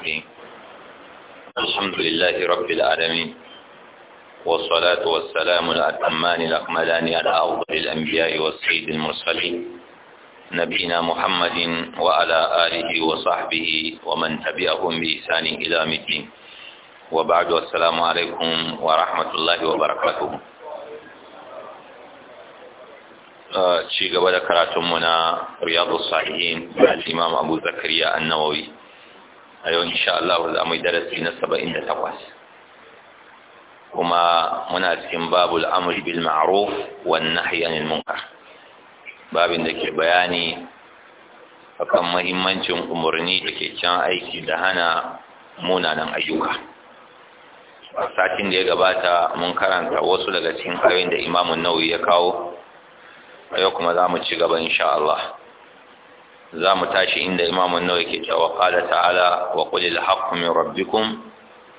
الرحيم الحمد لله رب العالمين والصلاة والسلام الأتمان الأكملان على أفضل الأنبياء والسيد المرسلين نبينا محمد وعلى آله وصحبه ومن تبعهم بإحسان إلى مدين وبعد والسلام عليكم ورحمة الله وبركاته ci gaba da karatunmu na riyadu sahihin da imam abu zakariya annawawi a yau insha Allah za mu yi darasi na saba'in da takwas kuma muna cikin babu amri bil ma'aruf wannan hayanin anil munkar babin da ke bayani a kan mahimmancin umarni da ke can aiki da hana munanan ayyuka a satin da ya gabata mun karanta wasu daga cikin ayoyin da imamun nauyi ya kawo a yau kuma za mu ci gaba insha Allah za mu tashi inda imamun nawa ke cewa qala ta'ala wa qul al-haqqu min rabbikum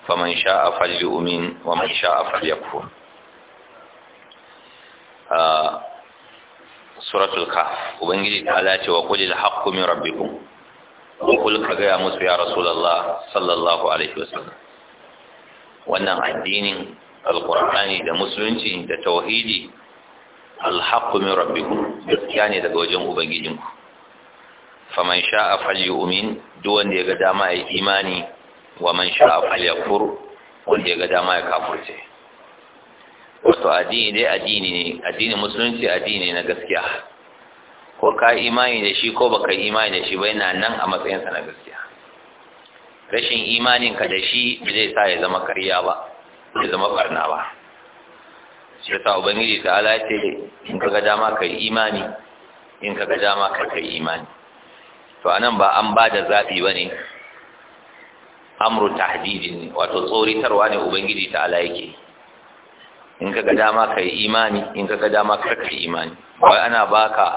faman sha'a falyu'min wa man sha'a falyakfur suratul kahf ubangiji ta ala ce wa qul al-haqqu min rabbikum wa qul ka ga musu ya rasulullah sallallahu alaihi wasallam wannan addinin alqur'ani da musulunci da tauhidi al-haqqu min rabbikum gaskiya ne daga wajen ubangijinku faman sha'a umin duk wanda ya ga dama ya imani wa man sha'a falyakfur wanda ya ga dama ya kafurce wato addini dai addini ne addini musulunci addini na gaskiya ko ka imani da shi ko baka imani da shi ba yana nan a matsayinsa na gaskiya rashin imanin ka da shi zai sa ya zama karya ba ya zama barna ba shi yasa ubangiji ta ala ce in ka ga dama kai imani in ga dama kai kai imani to nan ba an ba da zaɓi ba ne amru tahdidin wato tsoritarwa ne ubangiji ta ala yake in ka ga dama ka yi imani in ka ga dama kar ka yi imani wai ana baka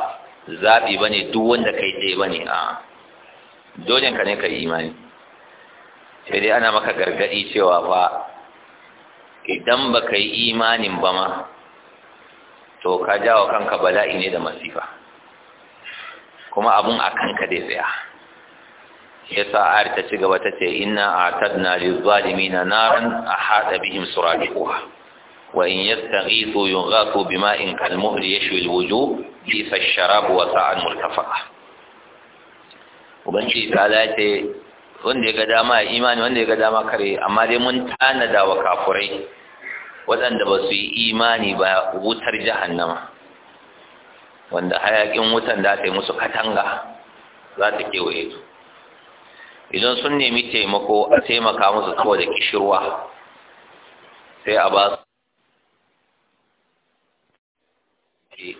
zaɓi ba ne duk wanda ka yi ɗaya ba ne a dolen ka ne ka yi imani sai dai ana maka gargaɗi cewa fa idan ba ka yi imanin ba ma to ka jawo kanka bala'i ne da masifa kuma abun a kanka dai tsaya yasa ayar ta ci gaba ta ce ina inna atadna lizzalimina naran ahata bihim suradiquha wa in yi yastaghithu yughathu bima'in kalmuhli yashwi alwujuh bisa ash-sharab wa sa'an murtafa'a ubanci ta ce wanda ya ga dama imani wanda ya ga dama kare amma dai mun tanada wa kafurai waɗanda ba su yi imani ba wutar jahannama wanda hayakin wutan da ta yi musu katanga za ta kewaye su idan sun nemi taimako a taimaka musu da kishirwa sai a ba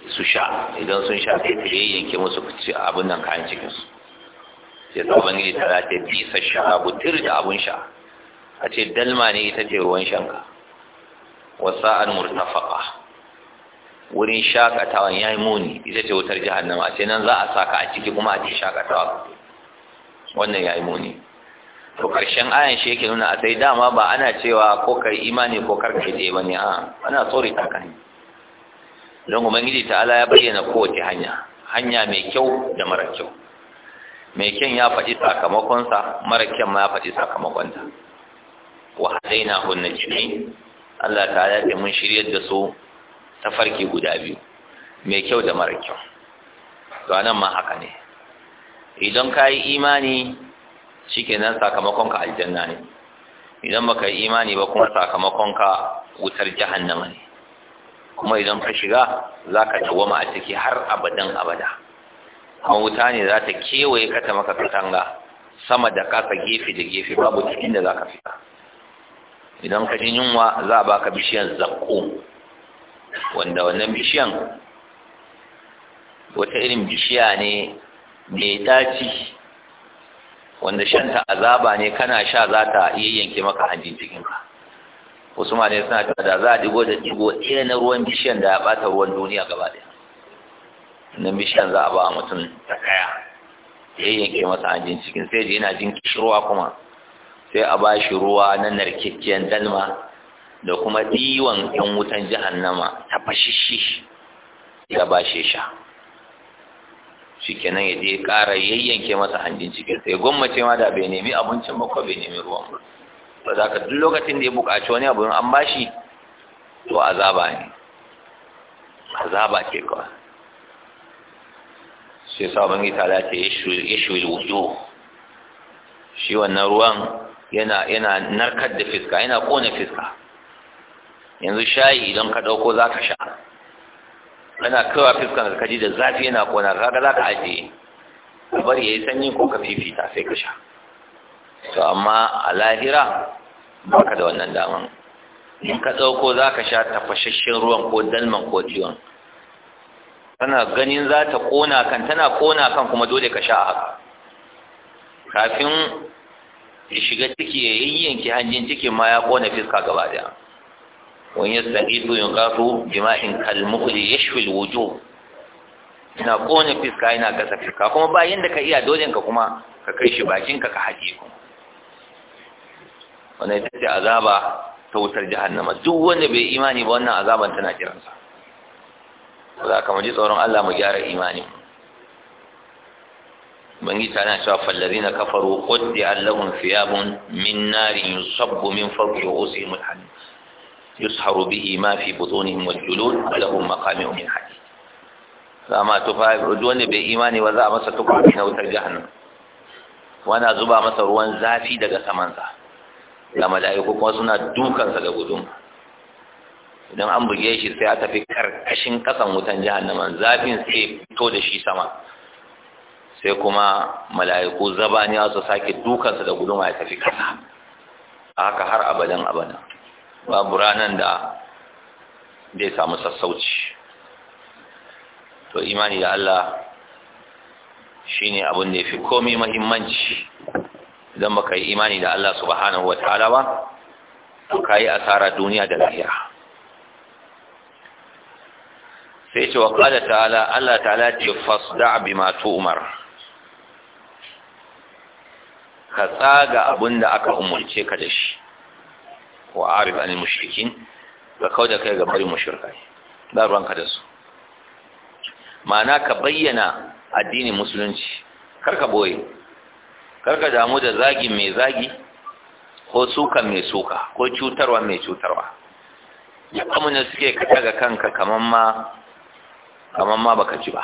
su sha idan sun sha sai ta yanke musu abin nan kayan cikinsu sai sabon gidi ta zata bisa sha butir da abin sha a ce dalma ne ita ce ruwan shanka wasa'an murtafaka wurin shakatawa ya yi muni ita ce wutar jihannama ce nan za a sa a ciki kuma a ce shakatawa wannan ya yi muni to karshen ayan shi yake nuna a sai dama ba ana cewa ko kai imani ko kar kai ɗaya bane a ana tsori ta kan don ta ta'ala ya bayyana kowace hanya hanya mai kyau da mara kyau mai kyan ya faɗi sakamakonsa mara kyan ma ya faɗi sakamakonta wa hadaina hunna jini Allah ta'ala ya mun shiryar da su Ta farki guda biyu mai kyau da mara kyau to nan ma haka ne idan ka yi imani nan sakamakon ka aljanna ne idan baka yi imani ba kuma sakamakon ka wutar jahannama ne kuma idan ka shiga za zaka tawama a ciki har abadan abada kuma wuta ne za ta kewaye ka ta maka katanga sama da kasa gefe da gefe babu cikin da za ka fita idan ka ji yunwa za a baka bishiyar zakko wanda wannan bishiyan wata irin bishiya ne mai daci wanda shanta azaba ne kana sha za ta yanke maka hanjin cikinka wasu ma ne suna ta da za a digo da digo ɗaya na ruwan bishiyan da ya ɓata ruwan duniya gaba ɗaya nan bishiyan za a ba mutum ta kaya ya yanke masa hanjin cikin sai yana jin kishirwa kuma sai a ba shi ruwa na narkakkiyar dalma da kuma diwan ɗan wutan nama ta fashishi ya bashe sha shi kenan ya je ƙara yayyanke masa hanjin cikin sai gwammace ma da bai nemi abincin ba ko bai nemi ruwan ba ba za ka duk lokacin da ya buƙaci wani abu an bashi to azaba ne azaba ke kawai sai sabon ita ta ce ya shi wujo shi wannan ruwan yana narkar da fiska yana kona fiska yanzu shayi idan ka ɗauko za ka sha kana kawa fiskan ka ji da zafi yana kona kaga za ka ajiye ka bari ya yi sanyi ko ka fifita sai ka sha to amma a lahira ba ka da wannan daman in ka ɗauko za ka sha tafashashen ruwan ko dalman ko ciwon tana ganin za ta kona kan tana kona kan kuma dole ka sha a haka kafin shiga ciki ya yayyanki hanjin ciki ma ya ƙona fiska gaba daya wa yastaqidu yuqafu bima'in kalmuhli yashwi alwujuh ina kone fiska ina gasa fiska kuma ba da ka iya dole ka kuma ka kai shi bakin ka ka haɗe ku wani ita ce azaba ta wutar jahannama duk wanda bai imani ba wannan azaban tana kiransa. Ba za ka ji tsoron Allah mu gyara imani bangi ta na cewa na kafaru quddi Allahun fiyabun min narin yusabbu min farko, ru'usihim al-hadid يسحر به ما في بطونهم والجلود ولهم مقامع من حديد فما تفاعل عدوان بإيماني وذا مسا تقع من وانا زبا مسا روان زافي دقا سمنسا لما لا يكون وسنا دوكا سدى idan an buge shi sai a tafi karkashin kasan wutan jahannaman zafin sai fito da shi sama sai kuma mala'iku zabaniya su sake dukansa da guduma ya tafi kasa haka har abadan abadan babu ranar da zai samu sassauci to imani da Allah ne abin da fi komai mahimmanci, idan baka yi imani da Allah subhanahu wataala ba to yi asara duniya da lahira sai ce wa qala ta'ala Allah ta'ala ce fasda bima Umar. ka tsaga abin da aka umarce ka da shi wa arif anil mushrikin ga kawai da kai ga bari mushrikai da ruwanka da su ma'ana ka bayyana addinin musulunci kar ka boye kar ka damu da zagi mai zagi ko suka mai suka ko cutarwa mai cutarwa ya amina suke kata ga kanka kaman ma kaman ma baka ji ba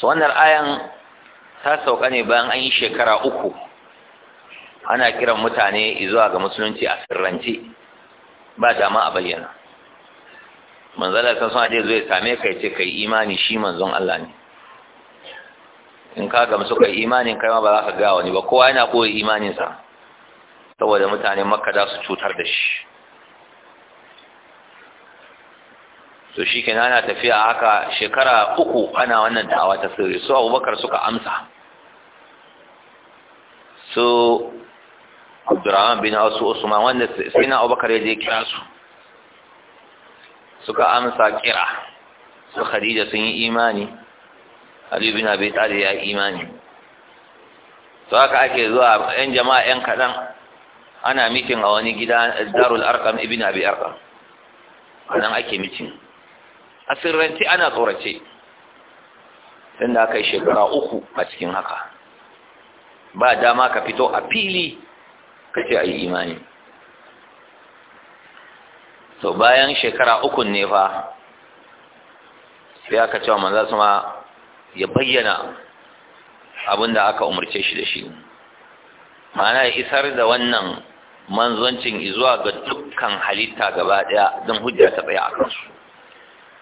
so wannan ayan ta sauka ne bayan an yi shekara uku ana kiran mutane zuwa ga musulunci a sirrance ba dama a bayyana manzala san suna je zai same ka ce kai imani shi manzon Allah ne in ka gamsu kai imanin kai ma ba za ka ga wani ba kowa yana koyi sa saboda mutanen makka za su cutar da shi to shi kenan ana tafiya haka shekara uku ana wannan da'awa ta sirri su abubakar suka amsa su abdurrahman bin wasu usman wanda sai na abubakar ya je kira su suka amsa kira su khadija sun yi imani ali bin abi talib ya imani to haka ake zuwa yan jama'a yan kadan ana mitin a wani gida darul arqam ibn abi arqam nan ake mitin asirranci ana tsorace tunda aka yi shekara uku a cikin haka ba dama ka fito a fili ka ce a yi imani to bayan shekara uku ne fa sai aka cewa za su ma ya bayyana abin da aka umarce shi da shi ma'ana ya isar da wannan manzancin zuwa ga dukkan halitta gaba daya don hujja ta tsaya a kansu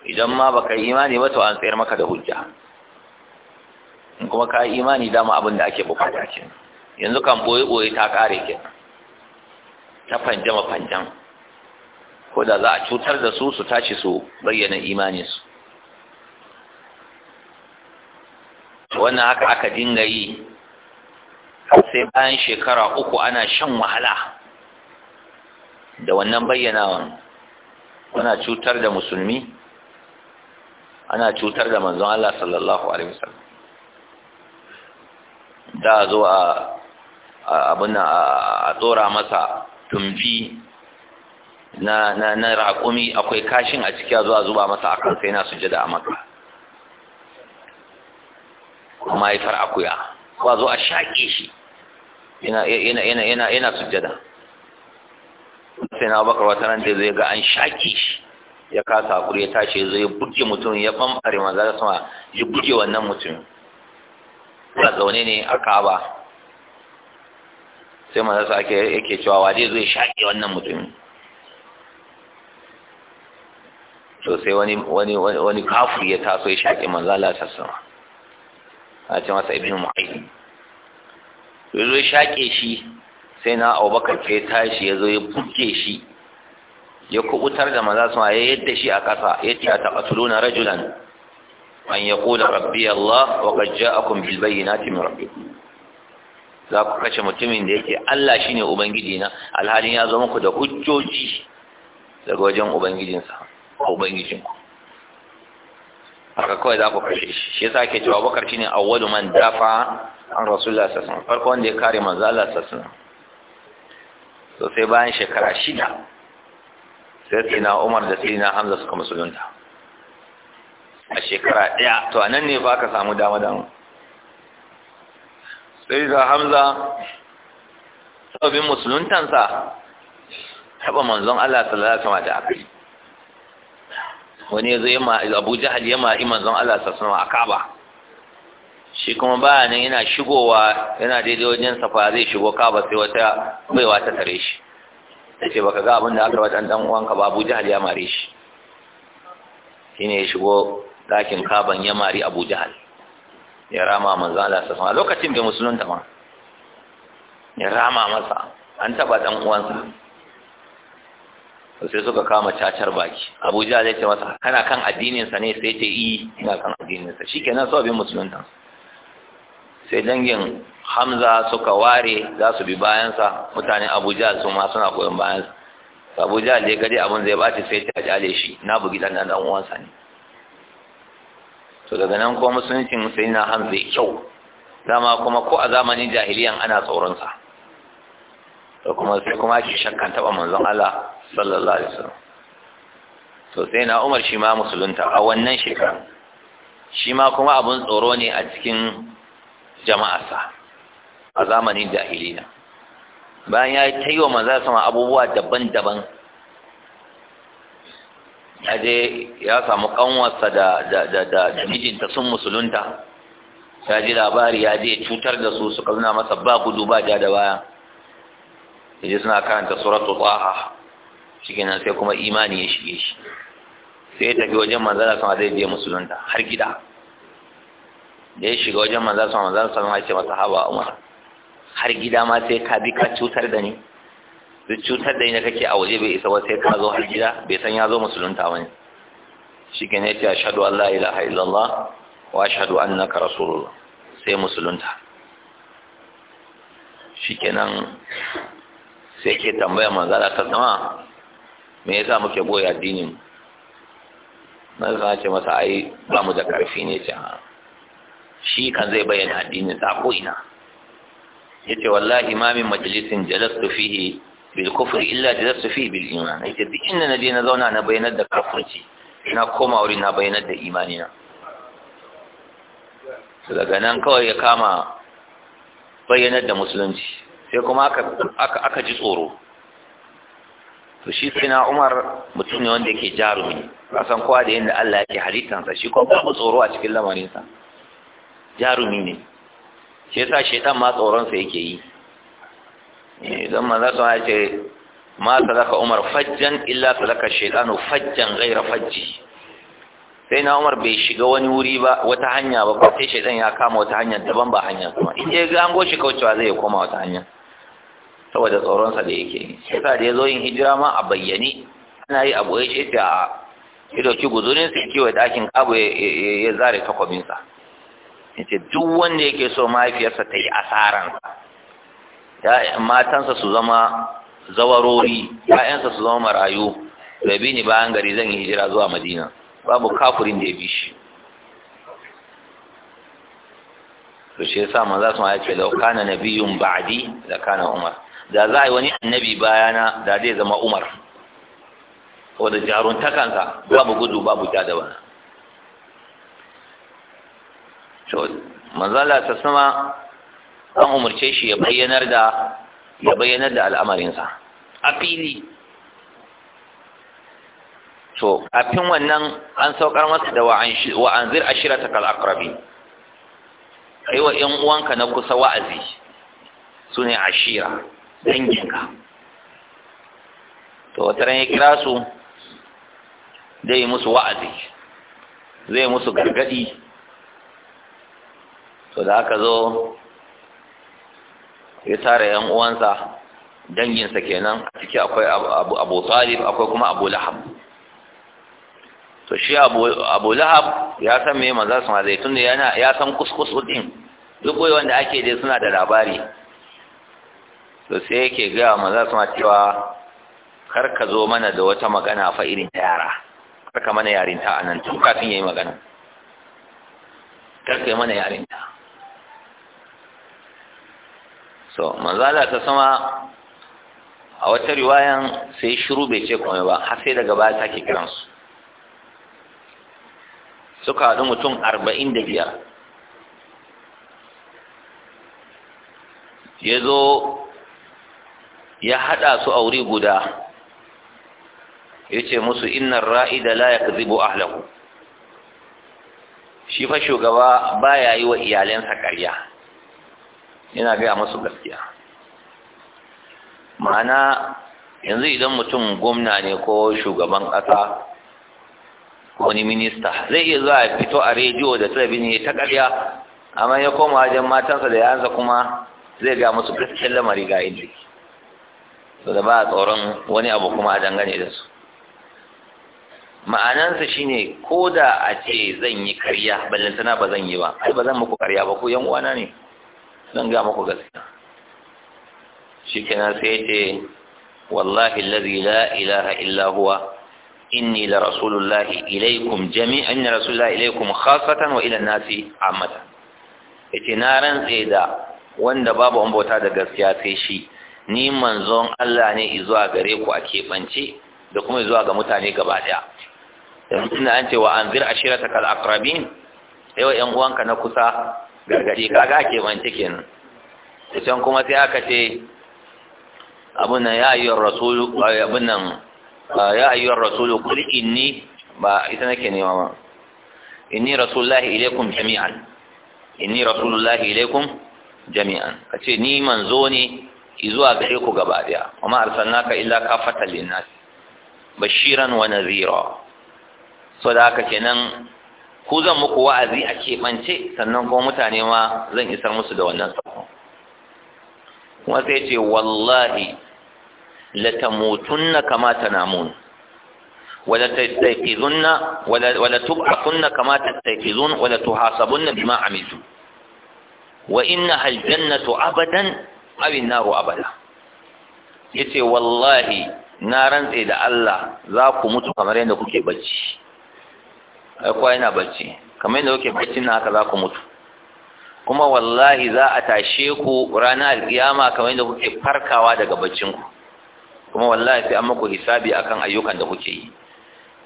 idan ma baka yi imani ba to an tsayar maka da hujja kuma ka yi imani dama abin da ake bukata ke yanzu kan boye-boye ta kare ke ta fanjama fanjan ko da za a cutar da su su tashi su bayyana su wannan haka aka dinga yi sai bayan shekara uku ana shan wahala da wannan bayyanawan ana cutar da musulmi ana cutar da manzon Allah sallallahu alaihi wasallam da zuwa a abin a tsora masa tumbi na na na raƙumi akwai kashin a ciki zuwa zuba masa kan sai na sujada a maka fara akuya kuma zo a shaƙe shi yana yana yana yana yana sujada sai na bakar wata ran da zai ga an shaƙe shi ya kasa hakuri ya tashi ya zo ya buge mutum ya bambare manzo sama ya buge wannan mutum ba zaune ne a kaba sai ma zasu ake yake cewa waje zai shaƙe wannan mutumin to sai wani wani wani kafu ya taso ya shaƙe manzo ta sama, a ce masa ibnu mu'ayyid to zo ya shaƙe shi sai na Abubakar sai tashi ya zo ya buke shi ya kubutar da maza su ya yadda shi a ƙasa ya ce a taƙatuluna rajulan an ya ƙula rabbi Allah wa ƙajja a bilbayi na timin rabbi za ku kashe mutumin da yake Allah shi ubangiji na alhalin ya zo muku da hujjoji daga wajen ubangijinsa ubangijinku haka kawai za ku kashe shi shi sa ke cewa ne a wadu man dafa an rasulullah sallallahu farko wanda ya kare manzo Allah sallallahu alaihi to sai bayan shekara shida sai tsina Umar da sina Hamza suka musulunta a shekara ɗaya to anan ne ba ka samu dama dama sai ga hamza sabbin musuluntansa taɓa manzon Allah sallallahu alaihi wasallam da aka wani ya zai ma Abu Jahal ya yi manzon Allah sallallahu alaihi wasallam a Kaaba shi kuma ba nan yana shigowa yana daidai wajen safa zai shigo Kaaba sai wata baiwa ta tare shi ba baka ga abin da aka wata dan uwanka ba Abu Jahal ya mare shi shine ya shigo dakin Kaban ya mari Abu Jahal ya rama manzo Allah sallallahu a lokacin bai musulunta ma ya rama masa an taba dan uwansa sai suka kama cacar baki abuja zai ce masa kana kan addininsa ne sai ce yi ina kan addininsa shi kenan su abin musulunta sai dangin hamza suka ware za su bi bayansa mutane abuja su ma suna koyon bayansa abuja da ya abun abin zai bace sai ta jale shi na bugi dan dan uwansa ne to daga nan ko musuluncin sai na hamza ya kyau dama kuma ko a zamanin jahiliyan ana tsoronsa to kuma sai kuma ake shakkan taɓa manzon Allah sallallahu alaihi wasallam to sai na Umar shi ma musulunta a wannan shekara shi ma kuma abun tsoro ne a cikin jama'arsa a zamanin jahiliya bayan ya yi ta manzon sama abubuwa daban-daban aje ya samu kanwarsa da mijinta sun musulunta ya ji labari ya je cutar da su suka nuna masa ba gudu ba ja da baya Ya ji suna karanta suratu tsaha, cikin nan sai kuma imani ya shige shi sai ya tafi wajen manzala sama zai je musulunta har gida da ya shiga wajen manzala sama manzala sama ya ce masa haba umar har gida ma sai ka bi ka cutar da ni duk cutar da ina kake a waje bai isa ba sai ka zo har gida bai san ya zo musulunta wani shi ke ne ta shaɗu Allah ilaha illallah wa shaɗu annaka rasulullah sai musulunta shi ke nan sai ke tambaya manzala ta zama me sa muke goya addinin na zana ce masa ai ba mu da ƙarfi ne ce ah, shi kan zai bayyana addinin ta ko ina yace wallahi ma min majalisin jalastu fihi bil kufri illa jalastu fi bil iman ita duk inda na je na zauna na bayanar da kafirci na koma wuri na bayanar da imani na su daga nan kawai ya kama bayanar da musulunci sai kuma aka ji tsoro to shi sai na umar mutum ne wanda yake jarumi kasan kowa da yadda Allah yake halittansa shi kuma babu tsoro a cikin lamarinsa jarumi ne shi yasa shaitan ma tsoronsa yake yi ma manza sun haice ma salaka umar fajjan illa salaka shaidanu fajjan gaira fajji sai na umar bai shiga wani wuri ba wata hanya ba ko sai shaidan ya kama wata hanya daban ba hanya kuma in ya ga an goshi kaucewa zai koma wata hanya saboda tsoronsa da yake yasa da ya zo yin hijira ma a bayyane ana yi abu ya ce a idoki guzurin su kiwa dakin abu ya zare takwabinsa ya duk wanda yake so mahaifiyarsa ta yi asaransa matansa su zama zawarori ƴaƴansa su zama marayu rabi ni bayan gari zan yi hijira zuwa madina babu kafirin da ya bi shi to shi yasa manzo sun ya ce kana nabiyyun ba'di da kana umar da za a yi wani annabi bayana da zai zama umar wanda jarun kansa babu gudu babu jada daban? to manzo ta sama an umarce shi ya bayyanar da ya bayyanar da al'amarinsa a fili to kafin wannan an saukar masa da wa'anzir a shirata kal a yi wa ‘yan uwanka na kusa wa'azi su ne sune ashira danginka to wata ran ya kira su zai musu wa'azi zai musu gargadi to da aka zo ya tara yan uwansa danginsa kenan a ciki akwai abu salif akwai kuma abu lahab to shi abu lahab ya san me maza su mazai tun da ya san kuskus din duk wanda ake dai suna da labari to sai yake ga maza su ma cewa kar ka zo mana da wata magana fa irin ta yara kar ka mana yarinta a nan tun kafin ya yi magana kar ka yi mana yarinta so manzala ta sama a wata riwayan sai shiru bai ce komai ba har sai daga baya sake kiransu suka haɗu mutum arba'in da biyar ya zo ya haɗa su a wuri guda ya ce musu innan ra'i da zubo zibo ahlahu shi fa shugaba ba ya yi wa iyalinsa ƙarya yana gaya musu gaskiya ma'ana yanzu idan mutum gwamna ne ko shugaban ƙasa wani minista zai iya zuwa fito a rediyo da talabijin ya ta ƙarya amma ya koma wajen matansa da yansa kuma zai ga musu gaskiyar lamari ga inda so da ba a tsoron wani abu kuma a dangane da su ma'anansa shine ko da a ce zan yi karya ballantana ba zan yi ba ai ba zan muku karya ba ko yan uwana ne zan ga muku gaskiya shikenan sai ce wallahi lazi la ilaha illa huwa inni la rasulullahi ilaikum jami'an inna rasulullahi ilaikum khassatan wa ila nasi amata yace na rantse da wanda babu an bauta da gaskiya sai shi ni manzon Allah ne zuwa gare ku a keɓance da kuma zuwa ga mutane gaba ɗaya yanzu ina an ce wa anzir ashirata kal aqrabin yawa yan uwanka na kusa gargadi kaga ake wance kenan can kuma sai aka ce abin nan ya ayyuwar rasulu abin nan ya ayyuwar rasulu kul inni ba ita nake nema ba inni rasulullahi ilaikum jami'an inni rasulullahi ilaikum jami'an ce ni manzo ne zuwa gare ku gaba daya amma arsalnaka illa kafatan linnas bashiran wa nadhira so da haka kenan ku zan muku wa'azi a keɓance sannan kuma mutane ma zan isar musu da wannan sako kuma sai ce wallahi latamutunna kama tanamun wala tastaykizunna wala wala kamata kama tastaykizun wala tuhasabunna bima amilu wa innaha aljannatu abadan abin an-naru abada yace wallahi na rantse da Allah za ku mutu kamar yadda kuke bacci kowa yana bacci kamar yadda kuke bacci na haka za ku mutu kuma wallahi za a tashe ku ranar alƙiyama kamar yadda kuke farkawa daga baccin ku kuma wallahi sai an muku hisabi akan ayyukan da kuke yi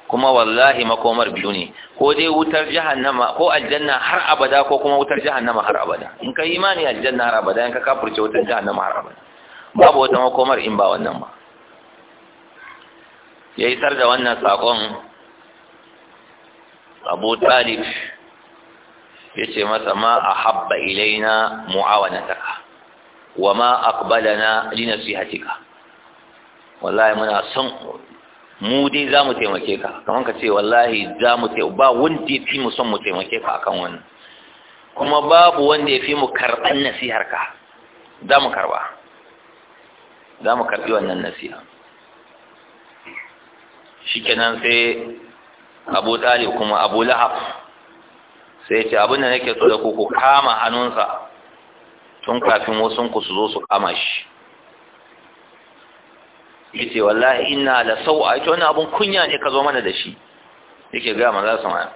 kuma wallahi makomar biyu ne ko dai wutar jahannama ko aljanna har abada ko kuma wutar jahannama har abada in ka imani aljanna har abada in ka kafurce wutar jahannama har abada babu wata makomar in ba wannan ba ya isar da wannan sakon abu talib ya ce masa ma a habba ilaina mu'awanataka wa ma aqbalana linasihatika wallahi muna son mu dai za mu taimake ka kamar ka ce wallahi za mu taimake ba wanda ya fi mu son mu taimake ka akan wannan kuma babu wanda ya fi mu karɓar nasihar ka za mu karɓa za mu karɓi wannan nasiha shikenan sai abu talib kuma abu lahab sai ce abin da nake so da ku ku kama hannunsa tun kafin wasunku su zo su kama shi yace wallahi inna la sau'a ita wannan abun kunya ne ka zo mana da shi yake ga manzo sama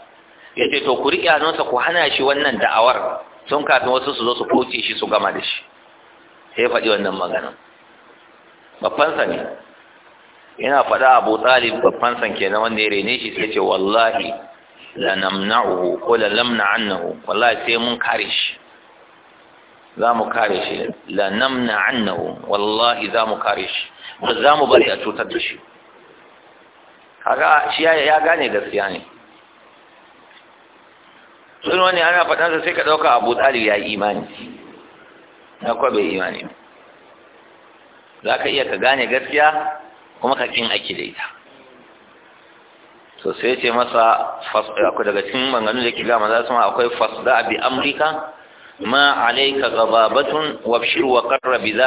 yace to ku riƙe hannunsa ku hana shi wannan da'awar tun kafin wasu su zo su koce shi su gama da shi sai faɗi wannan magana babban sa ne Ina faɗa abu talib babban san kenan wanda ya rene shi sai ce wallahi la namna'uhu ko la lamna annahu wallahi sai mun kare shi za mu kare shi la namna annahu wallahi za mu kare shi ba za mu bari a cutar da shi kaga shi ya gane gaskiya ne sun wani ana sa sai ka ɗauka abu talib ya yi imani na kwabe imani za ka iya ka gane gaskiya kuma ka kin aiki da ita Sosai sai ce masa akwai daga cikin maganganun da ke gama za su ma akwai fasda bi amrika ma alayka ghababatun wabshir wa za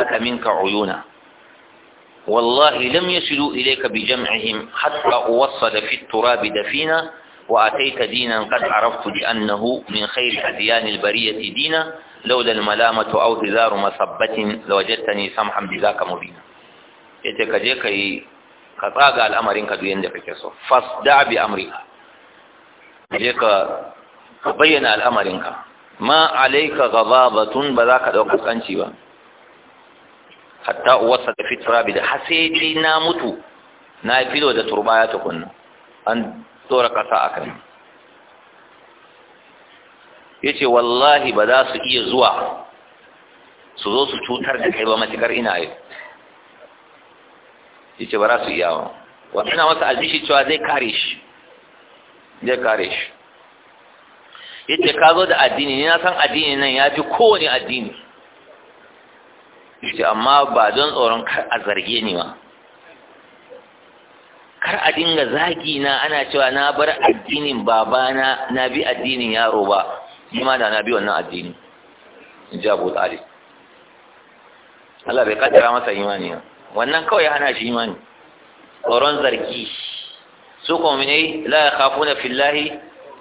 ka min minka uyuna wallahi lam yasilu ilaika bi jam'ihim hatta uwassada fi da turab dafina wa ataita dinan qad araftu bi annahu min khayr adyan al-bariyati dina لولا الملامة أو تزار مصبة لوجدتني سمحا بذاك مبينا yace ka je ka yi ka tsaga al'amarin ka duyan da kake so fasda bi amrika je ka bayyana al'amarin ka ma alayka ghadabatun ba za ka dauka kanci ba hatta uwarsa da fitra bi da hasidi na mutu na yi filo da turba ya tukunna an tsora kasa a kan yace wallahi ba za su iya zuwa su zo su cutar da kai ba matukar ina yi ce ba za su iya wa?" wannan masa albishi cewa zai kare shi zai kare shi yace ka zo da addini ni na san addini nan ya fi kowane addini yace amma ba don tsoron kar a zarge ni ba kar a dinga zagi na ana cewa na bar addinin babana na bi addinin yaro ba ni ma da na bi wannan addini in ji abu Allah bai kaddara masa imaniya. ba wannan kawai ana shi imani tsoron zargi su kuma ne la na fillahi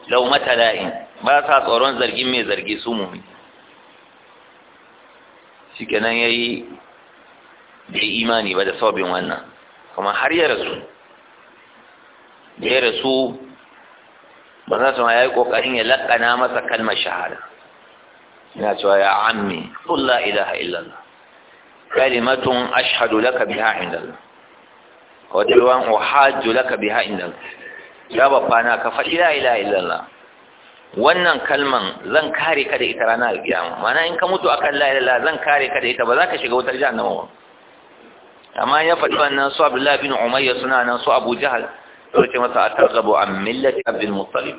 laumata la'in ba sa tsoron zargin mai zargi su kenan ya yayi bai imani ba da sabbin wannan kuma har ya rasu da ya rasu ba za su ma ya yi ƙoƙarin ya laƙana masa kalmar shahada yana cewa ya ammi ƙulla ilaha illallah kalimatun ashhadu laka biha inda wata ruwan uhajju laka biha inda ya babba na ka faɗi la ilaha illallah wannan kalman zan kare ka da ita rana alƙiyama mana in ka mutu akan la ilaha zan kare ka da ita ba za ka shiga wutar jahannama ba amma ya faɗi wannan su abdullahi bin umayya suna nan su abu jahal sai ce masa atarzabu an millati abdul muttalib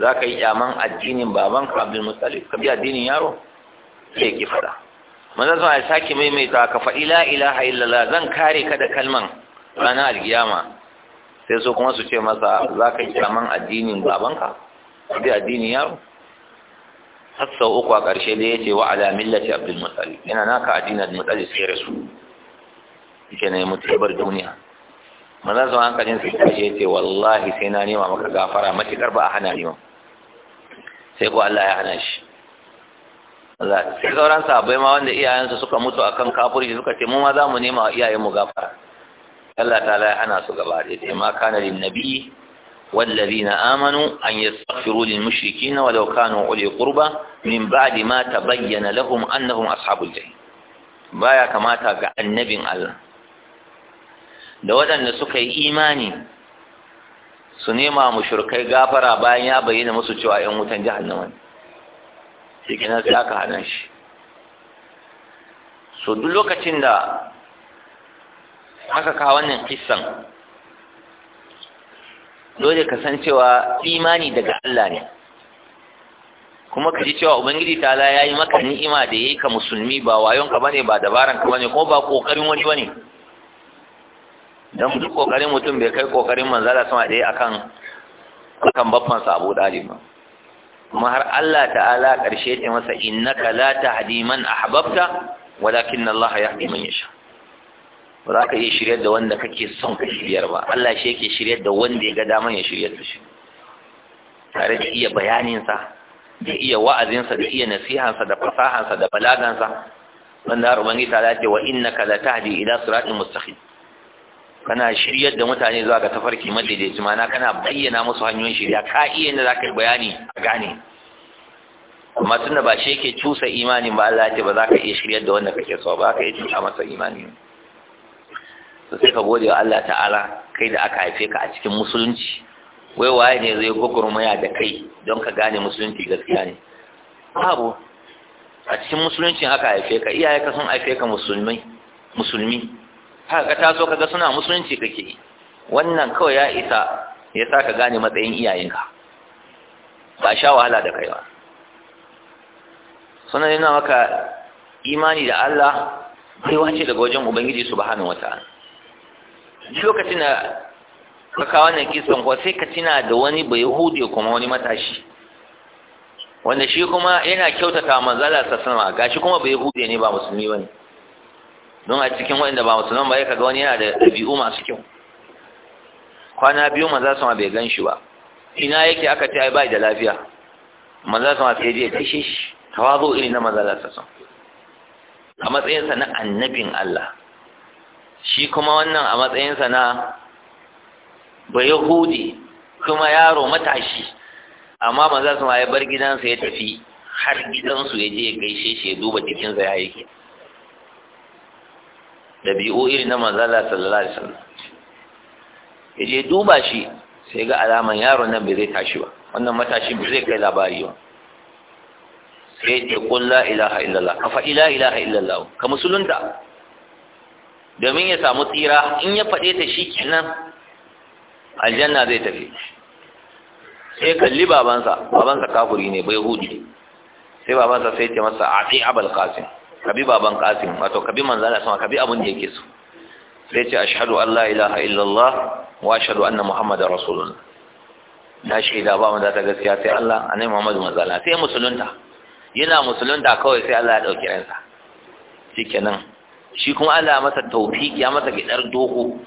za ka yi kyaman addinin babanka abdul muttalib ka bi addinin yaro sai ki faɗa manzon sa ya sake maimaita ka fa ila ilaha illallah zan kare ka da kalman ranar alkiyama sai so kuma su ce masa za ka kira man addinin babanka da addinin yaro har uku a ƙarshe da ya ce wa ala millati abdul mutsali yana naka addinin abdul mutsali sai rasu yake na mutu ya bar duniya manzon an hankalin sai kaje ce wallahi sai na nema maka gafara matukar ba a hana nema sai ko Allah ya hana shi sai sauran sabai ma wanda iyayensu suka mutu akan kafirci suka ce mu ma za mu nema wa iyayenmu gafara Allah ta ya hana su gaba da ce ma kana lin nabi والذين آمنوا أن يستغفروا للمشركين ولو كانوا أولي قربى من بعد ما تبين لهم أنهم أصحاب الجحيم بايا kamata ga annabin Allah. da waɗanda suka yi imani su nema mushrikai gafara bayan ya bayyana musu cewa ‘yan wutan jahannama ne sai kenan sai aka hana shi so duk lokacin da aka kawo wannan kissan dole ka san cewa imani daga Allah ne kuma ka ji cewa ubangiji Tala ya yi maka ni'ima da yayi ka musulmi ba wayonka bane ba ka bane kuma ba kokarin wani bane don duk kokarin mutum bai kai kokarin manzala sama da akan akan baffan sabo ba. kuma har Allah ta'ala ƙarshe ta masa innaka la tahdi man ahbabta walakin Allah yahdi man yasha ba za ka iya shirya da wanda kake son ka shiryar ba Allah shi yake shirya da wanda ya ga daman ya shirya da shi tare da iya bayaninsa da iya wa'azinsa da iya nasihansa da fasahansa da balagansa wanda har ubangiji ta ce wa innaka ta tahdi ila siratin mustaqim kana shiryar da mutane zuwa ga tafarki madaidaici mana kana bayyana musu hanyoyin shirya ka iya da za ka yi bayani a gane amma tun da ba shi yake cusa imanin ba Allah ce ba za ka iya shiryar da wanda kake so ba ka iya cusa masa imani to sai ka gode wa Allah ta'ala kai da aka haife ka a cikin musulunci wai waye ne zai gwagwarmaya da kai don ka gane musulunci gaskiya ne babu a cikin musulunci aka haife ka iyaye ka sun haife ka musulmi haka ka taso kaga suna musulunci kake wannan kawai ya isa ya sa ka gane matsayin iyayenka ba sha wahala da kai ba suna nuna maka imani da Allah baiwa wace daga wajen Ubangiji subhanahu wata'ala duk lokacin da ka kawo wannan kisan ko sai ka tuna da wani bai hude kuma wani matashi wanda shi kuma yana kyautata manzala sa gashi kuma bai hude ne ba musulmi bane don a cikin waɗanda ba musulman ba ya kaga wani yana da ɗabi'u masu kyau kwana biyu maza su ma bai gan shi ba ina yake aka ce ai bai da lafiya maza su ma sai je kashe shi tawazu irin na maza za su san a matsayinsa na annabin Allah shi kuma wannan a matsayinsa na bayahudi kuma yaro matashi amma maza su ma ya bar gidansa ya tafi har gidansu ya je ya gaishe shi ya duba jikinsa ya kyau ɗabi'u iri na manzala sallallahu alaihi wasallam ya je duba shi sai ga alaman yaron nan bai zai tashi ba wannan matashi bai zai kai labari ba sai ya kula la ilaha illallah afa ila ilaha illallah ka musulunta domin ya samu tsira in ya faɗe ta shi kenan aljanna zai tafi sai kalli babansa babansa kafuri ne bai hudi sai babansa sai ce masa ati abul qasim ka bi baban qasim wato ka bi manzo Allah sama ka bi abin da yake so sai ce ashhadu an la ilaha illallah wa ashhadu anna muhammadar rasulullah na shaida ba wanda ta gaskiya sai Allah annabi Muhammadu manzo Allah sai musulunta yana musulunta kawai sai Allah ya dauki ransa shikenan shi kuma Allah ya masa tawfiki ya masa gidar doko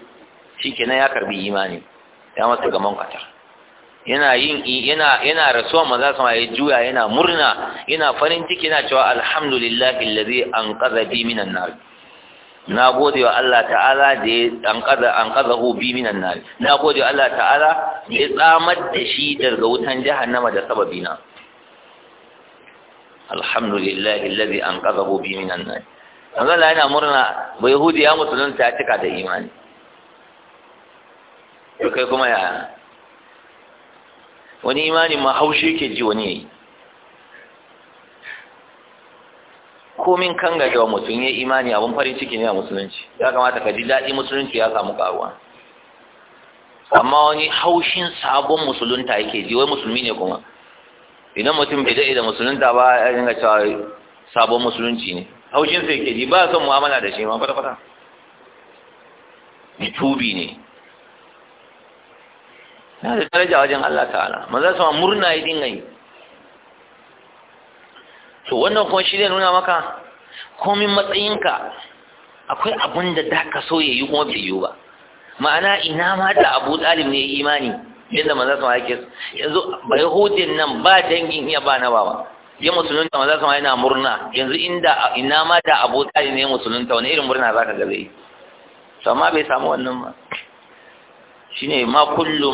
shikenan ya karbi imani ya masa gaman kwatar yana yin yana yana rasuwa maza sama ya juya yana murna yana farin ciki yana cewa alhamdulillahi allazi anqadha bi minan nar na gode wa Allah ta'ala da ya anqadha anqadhahu bi minan nar na gode wa Allah ta'ala da ya tsamar da shi daga wutan jahannama da sababina alhamdulillahi allazi anqadhahu bi minan nar manzo Allah yana murna ba yahudi ya musulunta ya cika da imani to kai kuma ya wani imanin ma haushi ke ji wani yayi komin kan gaje wa mutum ya imani abin farin ciki ne a musulunci ya kamata ka ji daɗi musulunci ya samu karuwa amma wani haushin sabon musulunta yake ji wai musulmi ne kuma idan mutum bai daɗe da musulunta ba ya dinga cewa sabon musulunci ne haushin sai yake ji ba son mu'amala da shi ma fata kwata tubi ne ya da daraja wajen Allah ta'ala maza sama murna ya dinga yi to wannan kuma shi ne nuna maka komin matsayinka akwai abin da da ka so ya yi kuma bai yiwu ba ma'ana ina ma da abu ɗalib ne ya imani yadda maza sama yake yanzu ba yahudin nan ba dangin iya ba na baba ya musulunta maza sama yana murna yanzu inda ina ma da abu ɗalib ne musulunta wani irin murna zaka ga zai to amma bai samu wannan ba shine ma kullu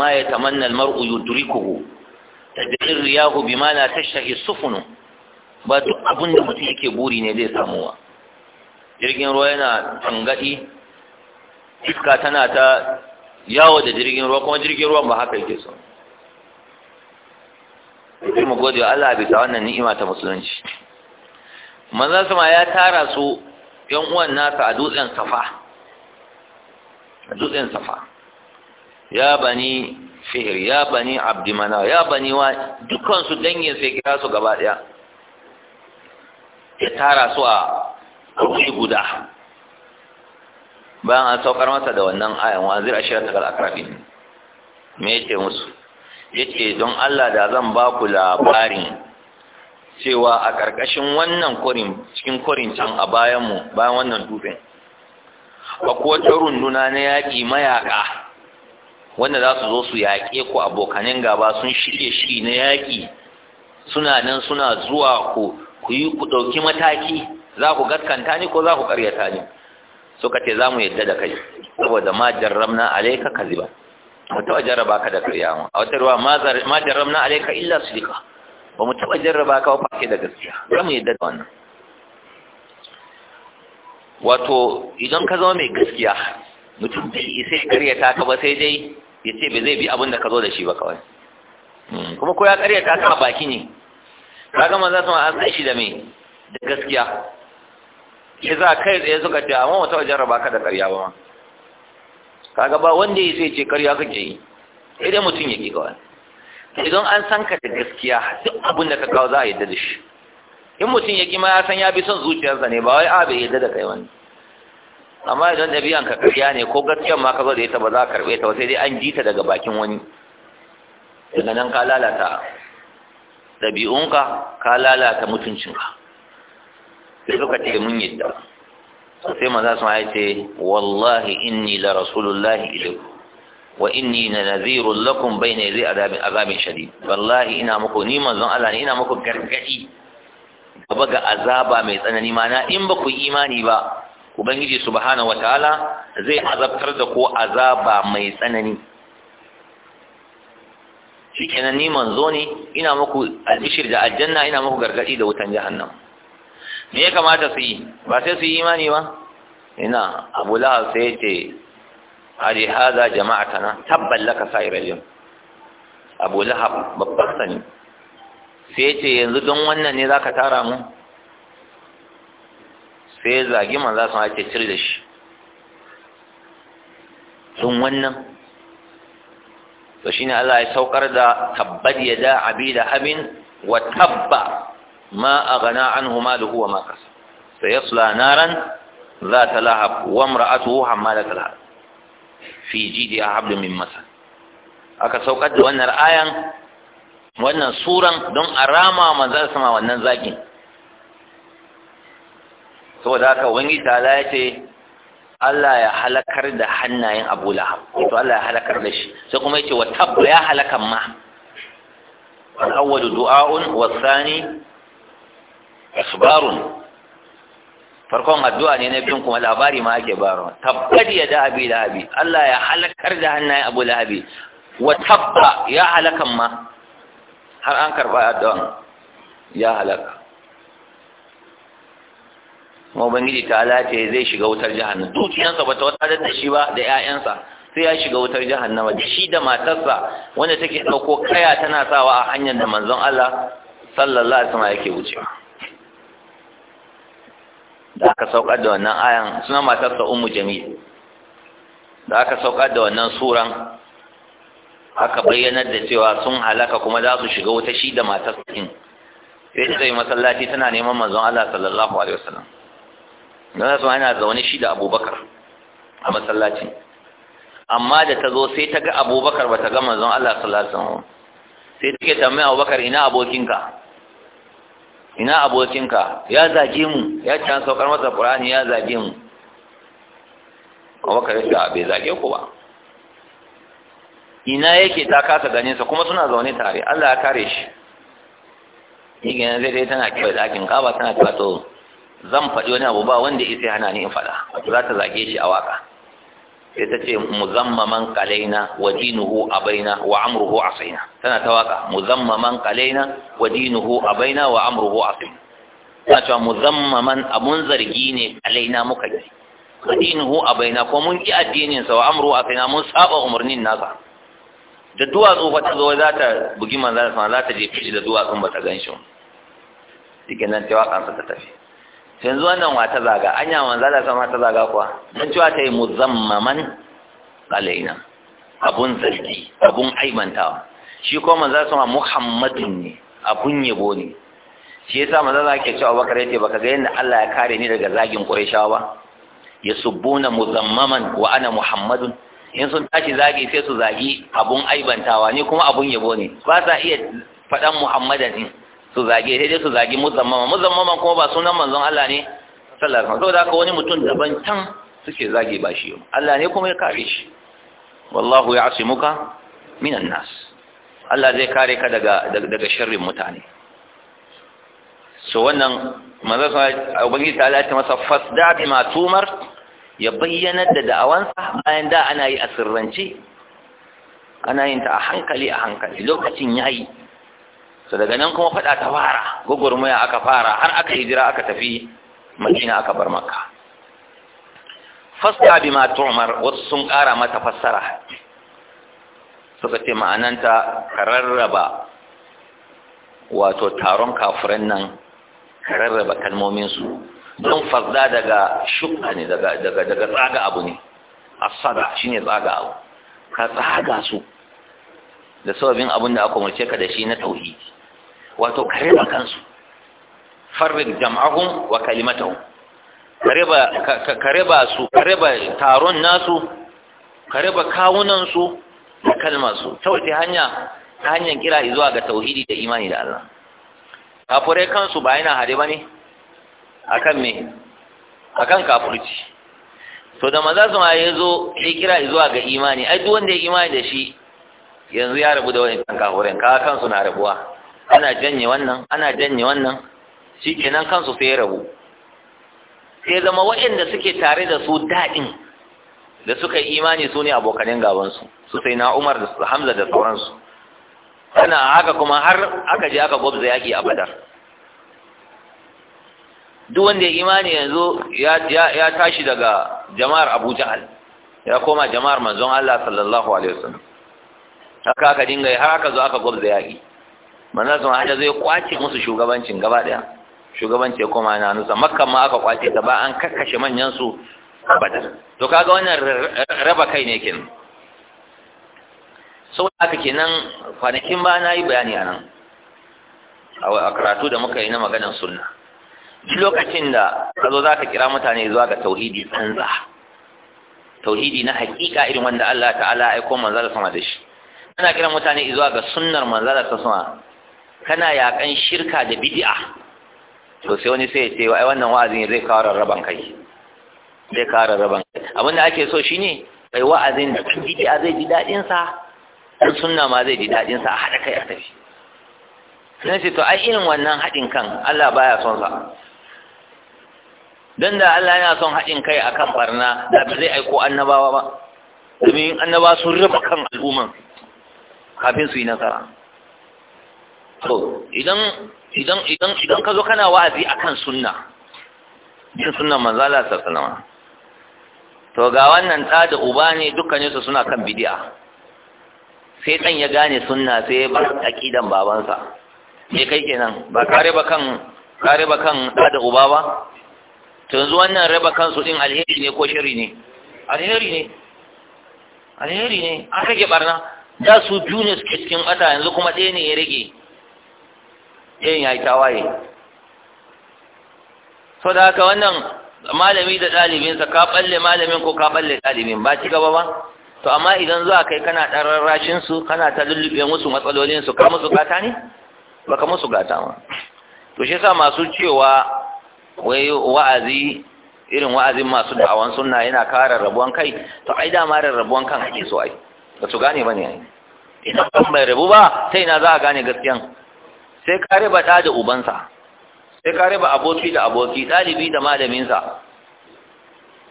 ma ya tamanna almar'u yudrikuhu tadbir riyahu bima la tashtahi sufunu ba duk abin da mutum yake buri ne zai samu wa jirgin ruwa yana tangadi iska tana ta yawo da jirgin ruwa kuma jirgin ruwan ba haka yake so sai mu gode Allah bisa wannan ni'ima ta musulunci manzon sama ya tara su yan uwan nasa a dutsen safa a dutsen safa ya bani fihir ya bani abdimana ya bani wa dukansu dangin sai kira su gaba daya ya tara su a kuri guda bayan an saukar masa da wannan ayan wanzir ashirar takal akrabin me yake musu ce don Allah da zan ba ku labarin cewa a ƙarƙashin wannan kurin cikin kurin can a bayanmu bayan wannan dutsen akwai wata runduna na yaƙi mayaƙa wanda za su zo su yaƙe ku abokanin gaba sun shirye shi na yaƙi suna nan suna zuwa ku ku yi ku ɗauki mataki za ku gaskanta ni ko za ku ƙaryata ni suka ce za mu yadda da kai saboda ma jarramna alaika ka ziba. mu taɓa jarraba ka da ƙarya mu a wata ruwa ma jarramna alaika illa su jika ba mu taɓa jarraba ka ba da gaskiya za mu yadda da wannan wato idan ka zama mai gaskiya mutum bai isa ƙaryata ka ba sai dai ya ce ba zai bi abin da ka zo da shi ba kawai hmm, kuma ko ya karya ta kama baki ne ka gama za su ma'azin shi da me da gaskiya shi za kai tsaye suka ce amma wata wajen raba ka da karya ba ma ka gaba wanda ya sai ce karya kake yi idan mutum ya ke kawai idan an san ka da gaskiya duk abin da ka kawo za a yadda da shi in mutum ya ki ma ya san ya bi son zuciyarsa ne ba wai a bai yadda da kai wani amma idan ɗabi'an ka ƙarya ne ko gaskiyan ma ka zo da ita ba za ka karɓe ta ba sai dai an ji ta daga bakin wani daga nan ka lalata ɗabi'unka ka lalata mutuncinka sai suka ce mun yadda sai maza su ma ce wallahi inni la rasulullahi ilaikum wa inni na nazirun lakum bai ne zai azabin shari wallahi ina muku ni manzon Allah ne ina muku gargadi gaba ga azaba mai tsanani mana in ba ku imani ba ubangiji wa wataala zai azabtar da ko azaba mai tsanani kenan ni manzo ne ina muku albishir da aljanna ina muku gargadi da wutan jahannam me ya kamata su yi ba sai su yi imani ba ina abu lahab sai ya ce Hari haza jama'atana tabbal laka sa'iral yawm abu lahab babban sani sai ya ce yanzu don wannan ne za ka tara mu sai ya zagi manzo sun ake cire da shi sun wannan to ne Allah ya saukar da tabbad yada da abin wa tabba ma a gana aghna anhu Da wa ma kasab sayasla naran ذات لهب وامرأته حمالة الحطب fi jidi a hablu min masa aka saukar da wannan ayan wannan suran don a rama manzan sama wannan zakin saboda haka wani tala ya ce Allah ya halakar da hannayen Abu Lahab to Allah ya halakar da shi sai kuma yace wa tabba ya halakan ma al awwal du'a'un wa thani isbarun farkon addu'a ne na biyun kuma labari ma ake baro tabbad ya da abi lahabi Allah ya halakar da hannayen Abu Lahabi wa tabba ya halakan ma har an karba addu'an ya halaka ubangiji ta alace zai shiga wutar jahannama dukiyansa bata wata da shi ba da ƴaƴansa sai ya shiga wutar jahannama da shi da matarsa wanda take dauko kaya tana sawa a hanyar da manzon Allah sallallahu alaihi wasallam yake wucewa da aka saukar da wannan ayan suna matarsa ummu jamil da aka saukar da wannan suran aka bayyanar da cewa sun halaka kuma za su shiga wuta shi da matarsa din sai sai masallaci tana neman manzon Allah sallallahu alaihi wasallam na su yana zaune shi da abubakar a masallaci amma da ta zo sai ta ga abubakar ba ta ga manzon Allah sallallahu alaihi sai ta ke tambaya abubakar ina abokinka ina abokinka ya zage mu ya ci an saukar masa qur'ani ya zage mu abubakar ya ce bai zage ku ba ina yake ta kasa ganin sa kuma suna zaune tare Allah ya kare shi gina yanzu dai tana da dakin kaba tana kiwa zan faɗi wani abu ba wanda isa hana ni in faɗa za ta zage shi a waka sai ta ce muzammaman kalaina wa dinuhu abaina wa amruhu asaina tana ta waka muzammaman kalaina wa dinuhu abaina wa amruhu asaina tana cewa muzammaman abun zargi ne kalaina muka ji wa dinuhu abaina ko mun ki addinin sa wa amruhu asaina mun saba umarnin nasa da duwatsu ba ta zo za ta bugi manzon sa za ta je fice da duwatsun ba ta ganshi shi kenan ta cewa kansa ta tafi yanzu wannan wa ta zaga anya manzo da sama ta zaga kuwa mun ci ta yi muzammaman alaina abun zargi abun aibantawa shi ko su ma muhammadin ne abun yabo ne shi ya sa maza za ke cewa bakare ce baka ga yadda Allah ya kare ni daga zagin quraishawa ba Ya subbuna muzammaman wa ana muhammadun in sun tashi zagi sai su zagi abun aibantawa ni kuma abun yabo ne ba sa iya faɗan muhammadan din su zage sai dai su zage muzammama muzammama kuma ba sunan manzon Allah ne sallallahu alaihi wasallam wani mutum daban can suke zage ba shi Allah ne kuma ya kare shi wallahu ya'simuka minan nas Allah zai kare ka daga daga sharrin mutane so wannan manzon ubangi ta Allah ta masa fasda bima tumar ya bayyana da da'awansa bayan da ana yi a ana yin ta a hankali a hankali lokacin yayi so daga nan kuma faɗa ta fara gwagwarmaya aka fara har aka hijira aka tafi madina aka bar makka fasta bi ma tu'mar wasu sun ƙara mata fassara suka ce ma'ananta ka rarraba wato taron kafiran nan ka rarraba kalmominsu don fasda daga shukka ne daga tsaga abu ne asada shi ne tsaga abu ka tsaga su da sababin abin da aka umarce ka da shi na tauhidi wato ka kansu farin jam'ahum wa kalimatahum ka riba su ka riba taron nasu ka kawunan su da kalmar su ta wace hanya ta hanyar kira zuwa ga tauhidi da imani da Allah kafurai kansu ba yana hade bane akan me akan kafurci to da maza su ma ya zo ya kira zuwa ga imani ai duk wanda ya imani da shi yanzu ya rabu da wani kan kafurin ka kansu na rabuwa ana janye wannan ana janye wannan shi kenan kansu sai rabu sai zama waɗanda suke tare da su daɗin da suka imani su ne abokanin gabansu su sai na umar da hamza da sauransu ana haka kuma har aka je aka gwabza yaƙi a badar duk wanda ya imani yanzu ya tashi daga jama'ar abu jahal ya koma jama'ar manzon Allah sallallahu alaihi wasallam haka aka dinga har aka zo aka gwabza yaƙi manzo sun hada zai kwace musu shugabancin gaba daya shugabanci kuma yana nusa makka ma aka kwace ta ba an kakkashe manyan su badar to kaga wannan raba kai ne kenan saboda haka kenan kwanakin ba na yi bayani a nan a karatu da muka yi na maganar sunna shi lokacin da ka zo za ka kira mutane zuwa ga tauhidi tsanza tauhidi na hakika irin wanda Allah ta'ala ya aiko manzala sama da shi ana kiran mutane zuwa ga sunnar manzala ta sama kana yakan shirka da bid'a to sai wani sai ya ce ai wannan wa'azin zai kawo rarraban kai zai kawo rarraban kai abin da ake so shine kai wa'azin da bid'a zai ji dadin sa dan sunna ma zai ji dadin sa a hada kai a tafi sai ce to ai irin wannan hadin kan Allah baya son sa dan da Allah yana son hadin kai akan barna da zai aiko annabawa ba domin annabawa sun raba kan al'umma kafin su yi nasara to idan idan idan idan ka zo kana wa'azi akan sunna yin sunnan manzala Allah to ga wannan ta da uba ne dukkanin su suna kan bidiya sai dan ya gane sunna sai ya bar aqidan babansa sai kai kenan ba kare ba kan kare ba kan ta da uba ba to yanzu wannan raba kansu din alheri ne ko shiri ne alheri ne alheri ne aka ke barna da su biyu ne suke cikin ƙasa yanzu kuma ɗaya ne ya rage yin ya yi tawaye so da haka wannan malami da ɗalibinsa ka ɓalle malamin ko ka ɓalle ɗalibin ba ci gaba ba to amma idan zuwa kai kana ɗan su kana ta lullube musu matsalolinsu ka musu gata ne ba ka musu gata ma to shi sa masu cewa wai wa'azi irin wa'azin masu da'awan sunna yana kara rabuwan kai to ai dama rabuwan kan ake so ai ba su gane ba ne ai idan kan bai rabu ba sai na za a gane gaskiyan sai ka riba ɗa da ubansa sai ka riba aboki da aboki ɗalibi da malaminsa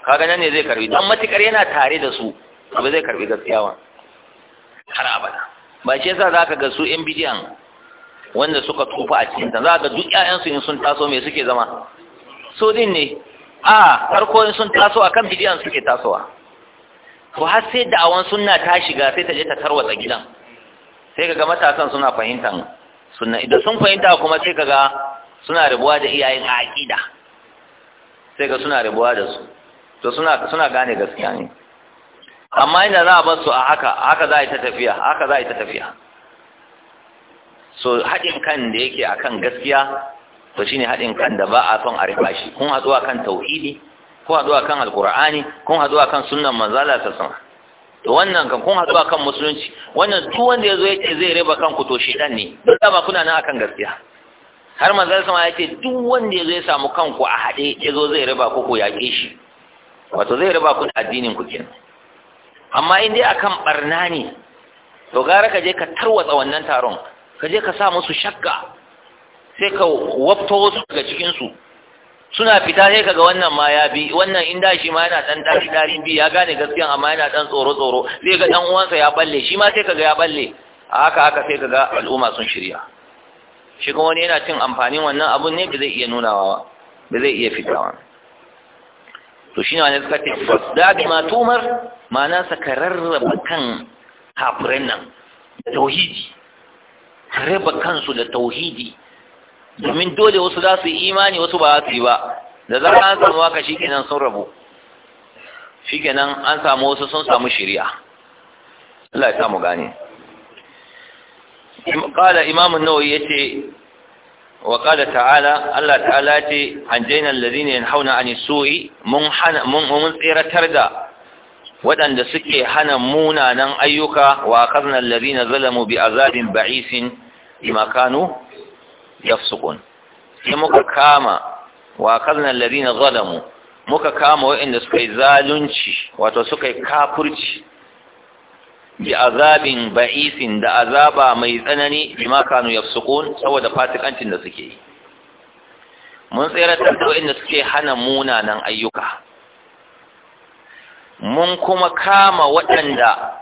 kaga nan ne zai karbi don matukar yana tare da su ba zai karbi gaskiyawa har abada ba shi yasa zaka ga su yan bidiyan wanda suka tufa a cikin ta zaka ga duk ƴaƴan su in sun taso me suke zama so din ne a farko in sun taso akan bidiyan suke tasowa to har sai da'awan sunna ta shiga sai ta je ta tarwatsa gidan sai kaga matasan suna fahimtan sunna idan sun fahimta kuma sai kaga suna rabuwa da iyayen aqida sai ga suna rubuwa da su to suna suna gane gaskiya ne amma inda za a bar su a haka haka za a yi ta tafiya haka za a yi ta tafiya so haɗin kan da yake akan gaskiya to shine haɗin kan da ba a son a riba shi kun haɗu akan tauhidi kun haɗuwa akan alqur'ani kun haɗu akan sunnan manzala ta sama to wannan kan kun haɗu kan musulunci wannan duk wanda yazo yake zai raba ku, to shedan ne duk da ba kuna nan akan gaskiya har manzon sama yace duk wanda yazo ya samu kanku a haɗe yazo zai raba ku ko yaƙe shi wato zai raba ku da addinin ku kenan amma in dai akan barna ne to gara ka je ka tarwatsa wannan taron ka je ka sa musu shakka sai ka wafto wasu daga cikin su suna fita sai kaga wannan ma ya bi wannan in da shi ma yana dan dari bi ya gane gaskiya amma yana dan tsoro tsoro sai ga dan uwansa ya balle shi ma sai kaga ya balle haka haka sai kaga al'umma sun shirya shi kuma wani yana cin amfanin wannan abun ne ba zai iya nunawa ba zai iya fitawa to shine wani suka ce ga ma tumar ma'ana sa kararraba kan hafuran nan tauhidi raba kansu da tauhidi domin dole wasu za su yi imani wasu ba su yi ba da za an samu waka shi kenan sun rabu shi kenan an samu wasu sun samu shirya Allah ya samu gane kala imamun nawai ya ce wa kala ta'ala Allah ta'ala ce an jaina lalini yin hauna a nisoyi mun tseratar da waɗanda suke hana munanan ayyuka wa kazanar lalini zalamu bi azabin ba'isin imakanu yafsukun sai muka kama wa kazna alladhina zalamu muka kama waɗanda suka yi zalunci wato suka yi kafurci bi azabin ba'isin da azaba mai tsanani bima kanu yafsukun saboda fatikancin da suke yi mun tseratar da waɗanda suke hana munanan ayyuka mun kuma kama waɗanda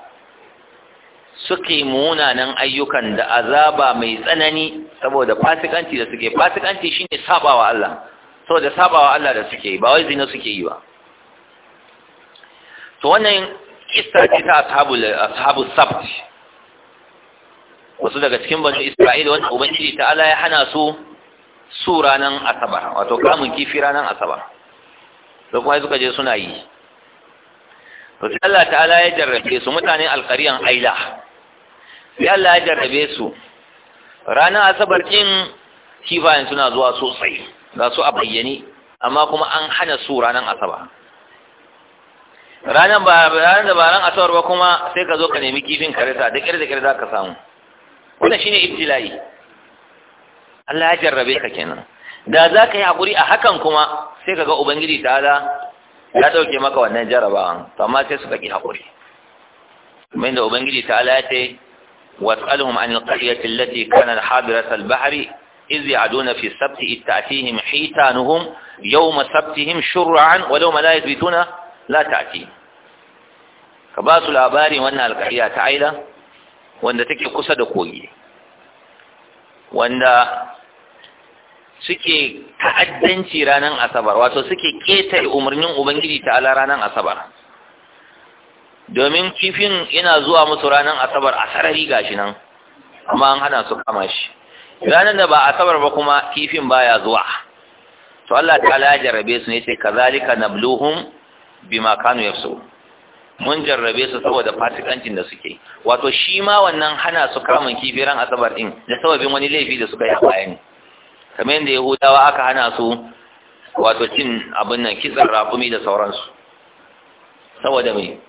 suke munanan ayyukan da azaba mai tsanani saboda fasikanci da suke fasikanci shine sabawa Allah saboda sabawa Allah da suke ba wai zina suke yi ba to wannan kissa ce ta ashabul ashabu sabt wasu daga cikin banu Isra'ila wanda ubangiji ta Allah ya hana su su nan asabar wato kamun kifi ranan asabar to kuma suka je suna yi to sai Allah ta'ala ya jarrabe su mutanen alƙaryan aila sai Allah ya jarrabe su ranar asabar din kifayen suna zuwa sosai ga su a bayyane amma kuma an hana su ranar asaba. ranar ba ranar da ba ran asabar ba kuma sai ka zo ka nemi kifin karisa da kyar da kyar za ka samu wannan shine ibtilai Allah ya jarrabe ka kenan da za ka yi haƙuri a hakan kuma sai ka ga ubangiji ta ala ya ɗauke maka wannan jarrabawan, amma sai su ɗauki haƙuri kuma inda ubangiji ta ala ya ce واسألهم عن القرية التي كانت حاضرة البحر إذ يعدون في السبت إذ تأتيهم حيتانهم يوم سبتهم شرعا ولو لا يثبتون لا تأتيهم كباس الآبار وأن القرية تعيلة وأن تكي قصد قوي وأن suke ta'addanci ranar asabar wato suke ketare umarnin ubangiji ta ala ranar asabar domin kifin ina zuwa musu ranar asabar a sarari gashi nan amma an hana su kama shi ranar da ba asabar ba kuma kifin baya zuwa to Allah ta la jarrabe su ne sai kazalika nabluhum bima kanu yafsu mun jarrabe su saboda fasikancin da suke wato shi ma wannan hana su kama kifi ran asabar din da sababin wani laifi da suka yi a bayan kamar yadda yahudawa aka hana su wato cin abin nan kitsan rafumi da sauransu saboda mai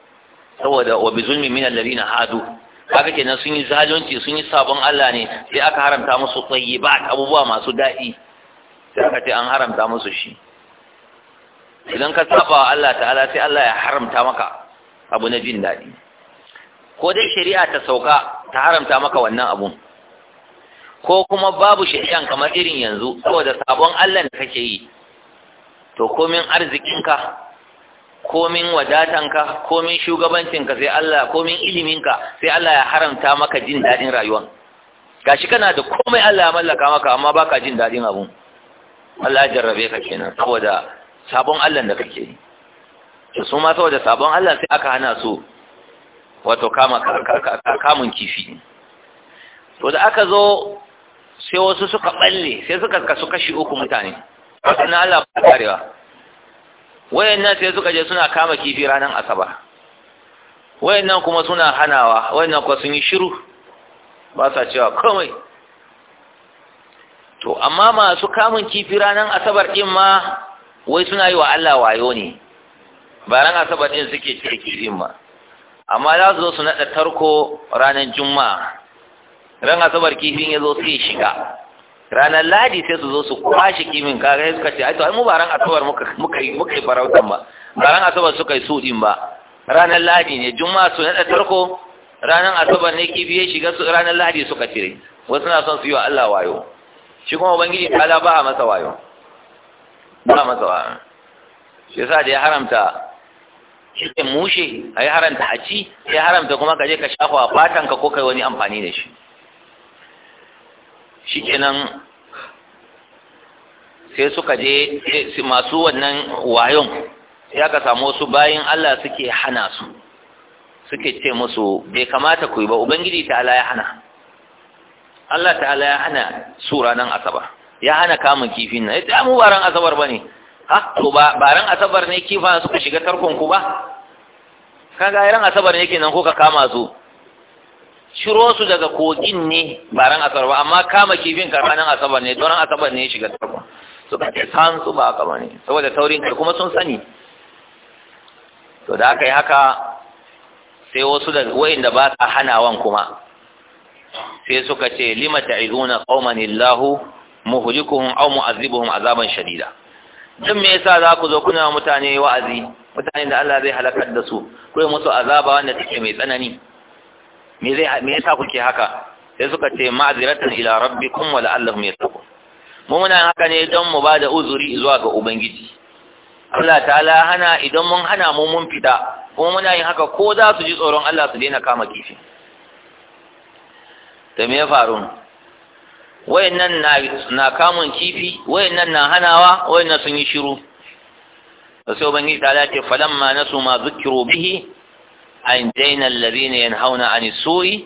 saboda wa bi zulmi min alladhina hadu haka kenan sun yi zalunci sun yi sabon Allah ne sai aka haramta musu tayyibat abubuwa masu daɗi sai aka ce an haramta musu shi idan ka saba Allah ta'ala sai Allah ya haramta maka abu na jin daɗi ko dai shari'a ta sauka ta haramta maka wannan abun ko kuma babu shari'a kamar irin yanzu saboda sabon Allah da kake yi to komin arzikinka komin wadatanka komin shugabancinka sai Allah komin iliminka sai Allah ya haramta maka jin daɗin Ga gashi kana da komai Allah ya mallaka maka amma baka jin daɗin abun Allah ya jarrabe ka kenan saboda sabon Allah da kake yi to su ma saboda sabon Allah sai aka hana su wato kama kamun kifi to da aka zo sai wasu suka balle sai suka kasu kashi uku mutane wannan Allah ba karewa wayannan sai suka je suna kama kifi ranar asabar wayannan kuma suna hanawa wayannan kuma sun yi shiru ba sa cewa komai to amma masu kamun kifi ranar asabar din ma wai suna yi wa Allah wayo ne ba ran asabar din suke cire kifin ma amma za su zo su naɗa tarko ranar juma'a ran asabar kifin ya zo sai shiga ranar ladi sai su zo su kwashe kimin kaga suka ce ai to ai mu ran asabar muka muka muka yi farautan ba ran asabar suka yi su ba ranar ladi ne juma'a su nada tarko ranar asabar ne kifi ya shiga su ranar ladi suka cire wasu na son su yi wa Allah wayo shi kuma ubangiji ta ba a masa wayo ba masa wayo shi yasa da ya haramta shi mushe a haramta a ci ya haramta kuma ka je ka shafa fatanka ko kai wani amfani da shi shikenan sai suka je masu wannan wayon ya ka samu wasu bayan Allah suke hana su suke ce musu bai kamata ku yi ba ubangiji ta ala ya hana Allah ta ala ya hana sura nan asaba ya hana kamun kifin nan ya ah, mu baran asabar ba ne ha to ba baran asabar ne kifa suka shiga tarkon ku ba kaga ran asabar ne kenan ko ka kama su ciro su daga kogin ne ba ran asabar ba amma kama kifin karfanin asabar ne don ran asabar ne ya shiga tarkon suka ce san su ba kama bane saboda taurin kai kuma sun sani to da aka yi haka sai wasu da wayanda ba sa hanawan kuma sai suka ce lima izuna qauman illahu muhlikuhum aw mu'azzibuhum azaban shadida dan me yasa za ku zo kuna mutane wa'azi mutane da Allah zai halakar da su ko musu azaba wanda take mai tsanani me zai me yasa kuke haka sai suka ce ma'ziratan ila rabbikum wa la'allahum yattaqun mu muna haka ne don mu bada uzuri zuwa ga ubangiji Allah ta'ala hana idan mun hana mu mun fita kuma muna yin haka ko za su ji tsoron Allah su daina kama kifi ta me ya faru wayannan na na kamun kifi wayannan na hanawa wayannan sun yi shiru sai ubangiji ta'ala ce falamma nasu ma zukiru bihi أنجينا الذين ينهون عن السوء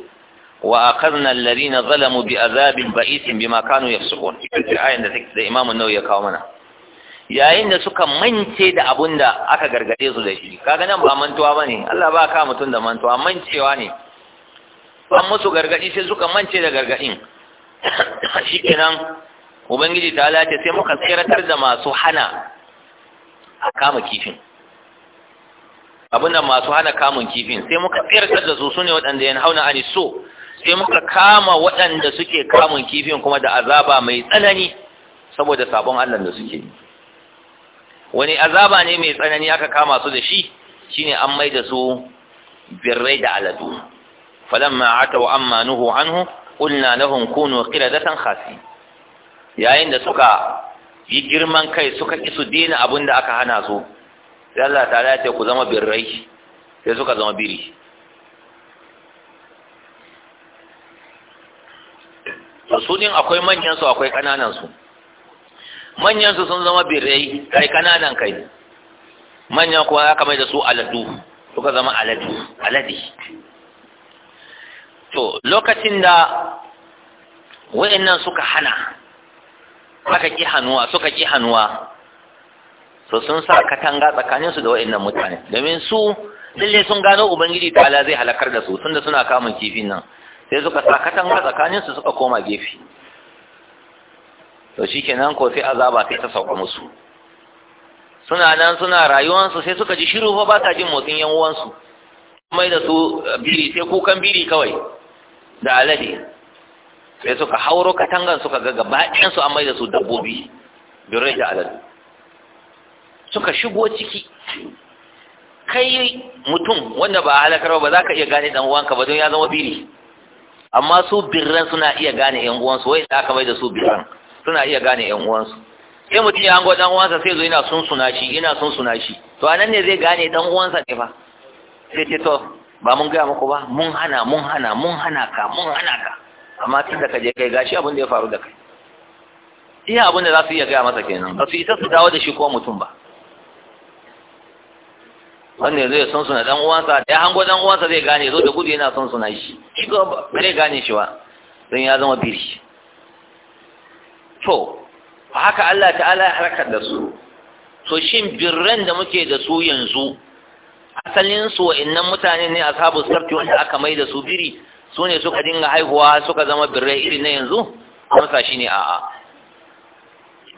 وأخذنا الذين ظلموا بأذاب بئيس بما كانوا يفسقون آية da Imam Nawawi ya kawo mana yayin da suka mance da abun da aka gargade su da shi kaga nan ba mantuwa ba ne? Allah ba ka mutun da mantuwa mancewa ne an musu gargadi sai suka mance da gargadin shikenan ubangiji ta lalace sai muka tsiratar da masu hana a kama kifin abin da masu hana kamun kifin sai muka tsirkar da su su ne waɗanda ya hauna ani so sai muka kama waɗanda suke kamun kifin kuma da azaba mai tsanani saboda sabon allah da suke wani azaba ne mai tsanani aka kama su da shi shine an mai da su birrai da aladu falamma atau amma nuhu anhu qulna lahum kunu qiradatan khasi yayin da suka yi girman kai suka ki su dena abin da aka hana su sai Allah ta ya ce ku zama birrai sai suka zama biri to su din akwai manyan su akwai kananan su manyan su sun zama birrai kai kananan kai manyan kuma aka mai da su aladu suka zama aladu aladi to lokacin da wayannan suka hana aka ki hanuwa suka ki hanuwa so sun sa katanga tsakanin su da wayannan mutane domin su lalle sun gano ubangiji ta'ala zai halakar da su tunda suna kamun kifin nan sai suka sa katanga tsakanin su suka koma gefe to shikenan ko sai azaba sai ta sauka musu suna nan suna su sai suka ji shiru fa ba sa jin motsin yan uwansu mai da su eh, biri sai kukan biri kawai da alade sai suka hauro katangan suka ga gaba ɗayan su an mai da su dabbobi birrai da alade suka shigo ciki kai mutum wanda ba halakar ba za ka iya gane dan uwanka ba don ya zama biri amma su birran suna iya gane yan uwansu wai da aka mai da su birran suna iya gane yan uwansu sai mutum ya hango dan uwansa sai zo yana sun suna shi yana sun suna shi to nan ne zai gane dan uwansa ne fa sai ce to ba mun gaya muku ba mun hana mun hana mun hana ka mun hana ka amma tun da ka je kai gashi abin da ya faru da kai iya abin da za su iya gaya masa kenan ba su isa su dawo da shi ko mutum ba wanda yanzu ya son suna dan uwansa da ya hango dan uwansa zai gane zo da gudu yana son suna shi shi ko ba zai gane shi ba don ya zama biri to haka Allah ta'ala ya harkar da su to shin birran da muke da su yanzu asalin su wa'annan mutane ne ashabu sarti wanda aka mai da su biri su ne suka dinga haihuwa suka zama birrai irin na yanzu amsa shine a'a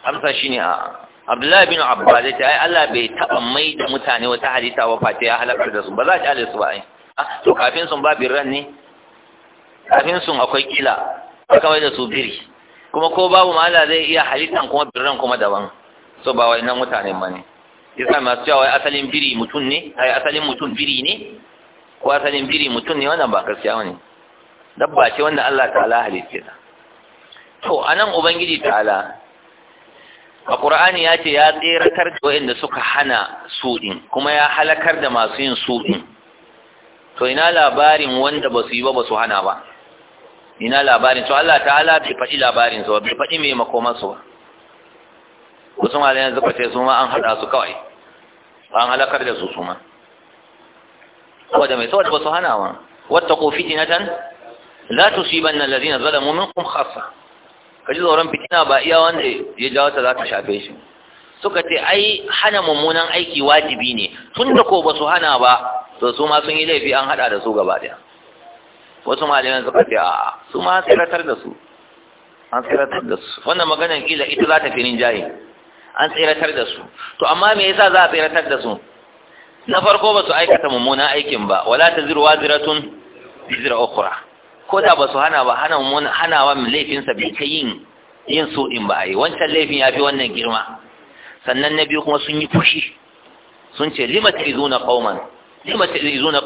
amsa shine a'a abdullahi bin abba zai ce ai Allah bai taba mai da mutane wata halitta wa face ya halakar da su ba za ta ale su ba ai ah, to kafin sun ba ran ne kafin sun akwai kila kawai da su biri kuma ko babu ma Allah zai iya halittan kuma birran kuma daban so ba wai nan mutane ba ne yasa masu cewa asalin biri mutum ne ai asalin mutum biri ne ko asalin biri mutum ne wannan ba gaskiya bane dabba ce wanda Allah ala halitta to anan ubangiji ta'ala a ƙur'ani ya ce ya tseratar da waɗanda suka hana suɗin kuma ya halakar da masu yin suɗin to ina labarin wanda ba su yi ba ba su hana ba ina labarin to Allah ta'ala bai faɗi labarin ba bai faɗi mai makomansu ba wasu malayan zuba ce su ma an haɗa su kawai an halakar da su su ma saboda mai saboda ba su hana ba, wata ko can? Za fitinatan la tusibanna allazina zalamu minkum khassa ka ji tsoron fitina ba iya wanda ya jawo ta za ta shafe shi suka ce ai hana mummunan aiki wajibi ne tun da ko ba su hana ba to su ma sun yi laifi an hada da su gaba daya wasu malaman suka ce a su ma an tsiratar da su an tsiratar da su wannan maganar kila ita za ta fi ninjaye an tsiratar da su to amma me yasa za a tsiratar da su na farko ba su aikata mummunan aikin ba wala ta taziru waziratun bizira ukhra ko da ba su hana ba hana mun hana laifinsa bai ta yin yin so in ba ai wancan laifin ya fi wannan girma sannan na biyu kuma sun yi fushi sun ce lima tizuna qauman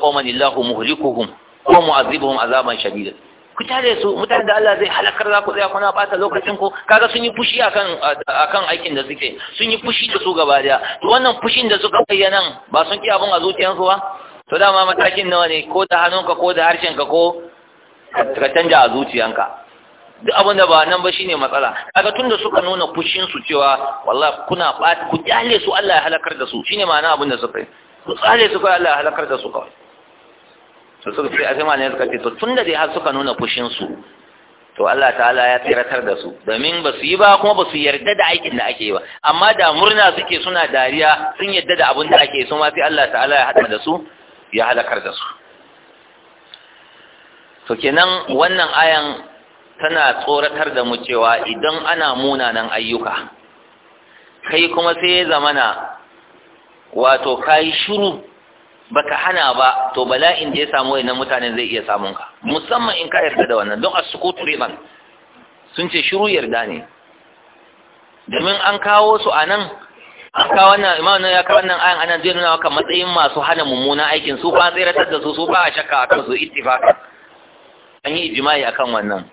qauman illahu muhlikuhum wa mu'azibuhum azaban shadida ku tare su mutane da Allah zai halakar za ku tsaya kuna bata lokacin ku kaga sun yi fushi akan akan aikin da suke sun yi fushi da su gaba daya to wannan fushin da suka bayyana ba sun ki abun a zuciyarsu ba to dama matakin nawa ne ko da hannunka ko da harshenka ko ka canja a zuciyanka duk abin ba nan ba shine matsala kaga tunda suka nuna fushin su cewa wallahi kuna ba ku kyale su Allah ya halakar da su shine ma'ana abin suka yi ku tsale su kai Allah ya halakar da su kawai to suka ce asai malai suka ce to tunda dai har suka nuna fushin su to Allah ta'ala ya tsiratar da su domin ba su yi ba kuma ba su yarda da aikin da ake yi ba amma da murna suke suna dariya sun yarda da abin da ake so ma sai Allah ta'ala ya hada da su ya halakar da su to kenan wannan ayan tana tsoratar da mu cewa idan ana munanan ayyuka kai kuma sai ya zamana wato kai shiru baka hana ba to bala'in da ya samu wayannan mutanen zai iya samun ka musamman in ka yarda da wannan don as-sukutu riban sun ce shiru yarda ne domin an kawo su a nan, an kawo wannan imam ya kawo wannan ayan anan zai nuna maka matsayin masu hana mummunan aikin su ba tsiratar da su su ba a shakka akan su ittifaka an yi ijimai akan wannan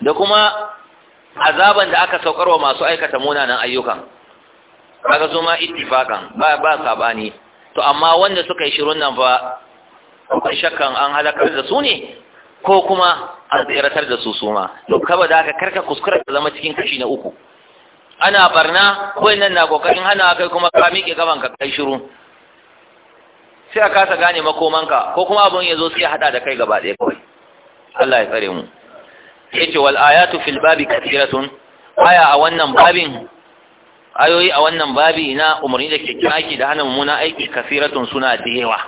da kuma azaban da aka saukar wa masu aikata munanan ayyukan kaga su ma ittifaqan ba ba sabani to amma wanda suka yi shirun nan fa akwai shakkan an halakar da su ne ko kuma an tsiratar da su su ma to kaba da aka karka kuskura da zama cikin kashi na uku ana barna ko nan na kokarin hana kai kuma ka miƙe gaban ka kai shiru sai a kasa gane makomanka ko kuma abun ya zo sai ya hada da kai gaba ɗaya kawai Allah ya tsare mu yace wal ayatu fil babi kathiratun aya a wannan babin ayoyi a wannan babi na umarni da kikaki da hana mummuna aiki kathiratun suna da yawa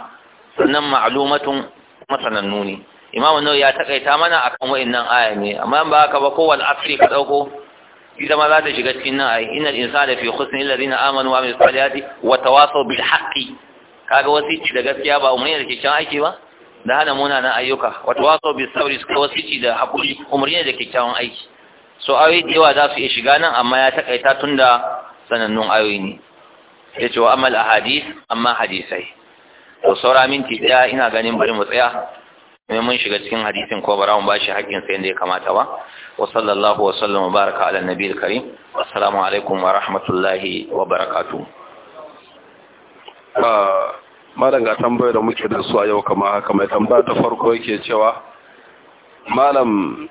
sannan ma'lumatun masanannu ne imamu nawawi ya takaita mana akan wayannan aya ne amma ba haka ba kowal asri ka dauko ita ma za ta shiga cikin nan ayi innal insana fi husni alladhina amanu wa amilus salihati wa tawasaw bil haqqi kaga wasici da gaskiya ba umarni da kikaki aiki ba da hana munanan ayyuka wato waso bi sauri ko wasici da hakuri umarni da kyakkyawan aiki so ayoyi da yawa za su iya shiga nan amma ya takaita tun da sanannun ayoyi ne ya ce wa amal ahadis amma hadisai to saura minti daya ina ganin bari mu tsaya mai mun shiga cikin hadisin ko bara mu bashi haƙƙin sa inda ya kamata ba wa sallallahu wa sallama baraka ala nabiyil karim assalamu alaikum wa rahmatullahi wa barakatuh ah, malam ga tambayar da muke da su a yau kama haka mai tambaya ta farko yake cewa malam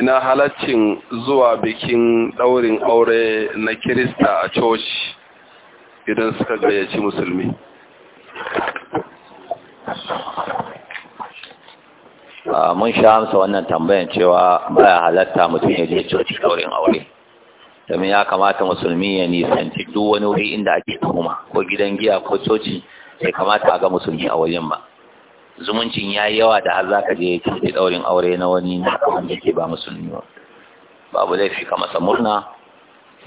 ina halaccin zuwa bikin daurin aure na kirista a coci idan suka gayyaci musulmi mun sha amsa wannan tambayan cewa baya halatta mutum ya je coci daurin aure domin ya kamata musulmi ya nisanci duk wani wuri inda ake tuhuma ko gidan giya ko coci bai kamata a ga musulmi a wajen ba zumuncin ya yi yawa da har za ka je kirki daurin aure na wani na wanda ke ba musulmi ba babu laifi ka masa murna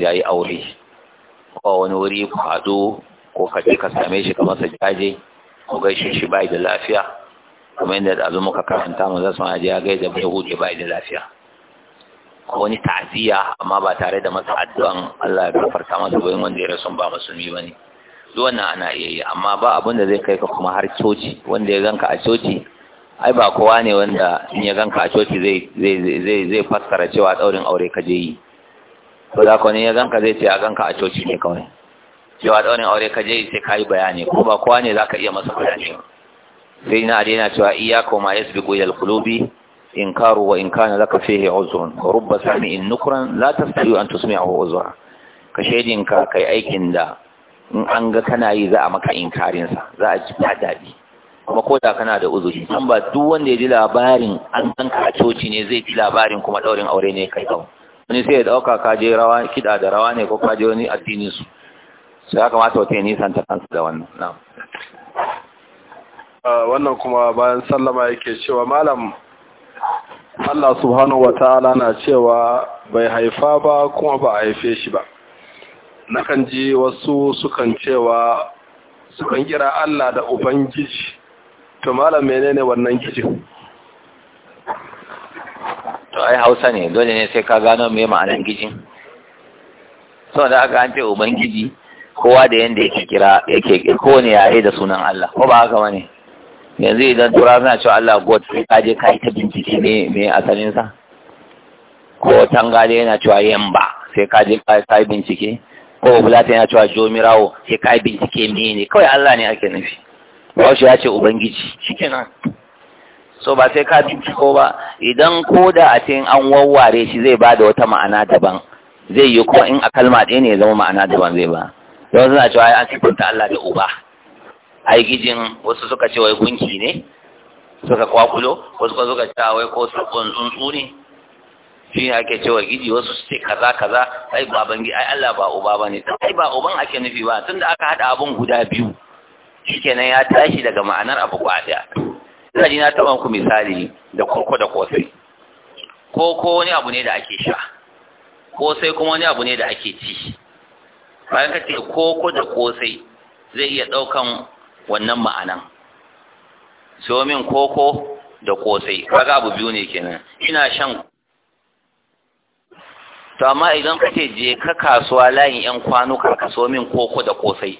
ya yi aure ko wani wuri ku haɗu ko ka ka same shi ka masa jaje ko gaishe shi bai da lafiya kuma yadda da muka karanta mu zasu aje ya gaida bai hude bai da lafiya ko wani ta'aziyya amma ba tare da masa addu'an Allah ya gafarta masa bayan wanda ya rasu ba musulmi bane wannan ana iya yi amma ba abin da zai kai ka kuma har coci wanda ya ganka a coci ai ba kowa ne wanda in ya ganka a coci zai zai zai fassara cewa daurin aure ka je yi ko da ko ne ya ganka zai ce a ganka a coci ne kawai cewa daurin aure ka je yi sai kai bayani ko ba kowa ne zaka iya masa bayani sai na adina cewa iyyaka ma yasbiqu ila alqulubi karu wa in kana laka fihi uzrun wa rubba in nukran la tastati an tusmi'ahu uzra ka ka kai aikin da in an ga kana yi za a maka sa za a ji daɗi kuma ko da kana da uzuri san ba duk wanda ya ji labarin an san ka coci ne zai ji labarin kuma ɗaurin aure ne kai kawo wani sai ya ɗauka ka je rawa kida da rawa ne ko ka je wani addini su sai ya kamata wata ya nisan ta kansu da wannan na'am ah, wannan kuma bayan sallama yake cewa malam Allah subhanahu wa ta'ala na cewa bai haifa ba kuma ba a haife shi ba nakan ji wasu sukan cewa sukan kira Allah da Ubangiji to malam menene wannan gijin to ai Hausa ne dole ne sai ka gano me ma'anar gijin so da aka hanci Ubangiji kowa da yanda yake kira yake kowane yare da sunan Allah ko ba haka bane yanzu idan tura suna cewa Allah God sai ka je ka yi ta bincike ne me asalin sa ko tangale yana cewa yamba sai ka je ka yi bincike ko bulatan ya cewa jomirawo sai ka bincike mene kawai Allah ne ake nufi Bahaushe ya ce Ubangiji shikenan so ba sai ka binciko ba idan ko da a cikin an wawware shi zai ba da wata ma'ana daban zai yi kuma in a kalma ɗaya ne ya zama ma'ana daban zai ba don suna cewa an ta Allah da uba ai gijin wasu suka ce wai gunki ne suka kwakulo wasu suka ce wai ko sabon tsuntsu ne shi ne ake cewa gidi wasu su ce kaza kaza ai baban ai Allah ba uba bane to ai ba uban ake nufi ba tunda aka hada abun guda biyu shikenan ya tashi daga ma'anar abu guda ina ji na taba ku misali da koko da kosai koko wani abu ne da ake sha kosai kuma wani abu ne da ake ci bayan ka ce koko da kosai zai iya daukan wannan ma'anan so min koko da kosai kaga abu biyu ne kenan ina shan to amma idan ka je ka kasuwa layin yan kwano ka so min koko da kosai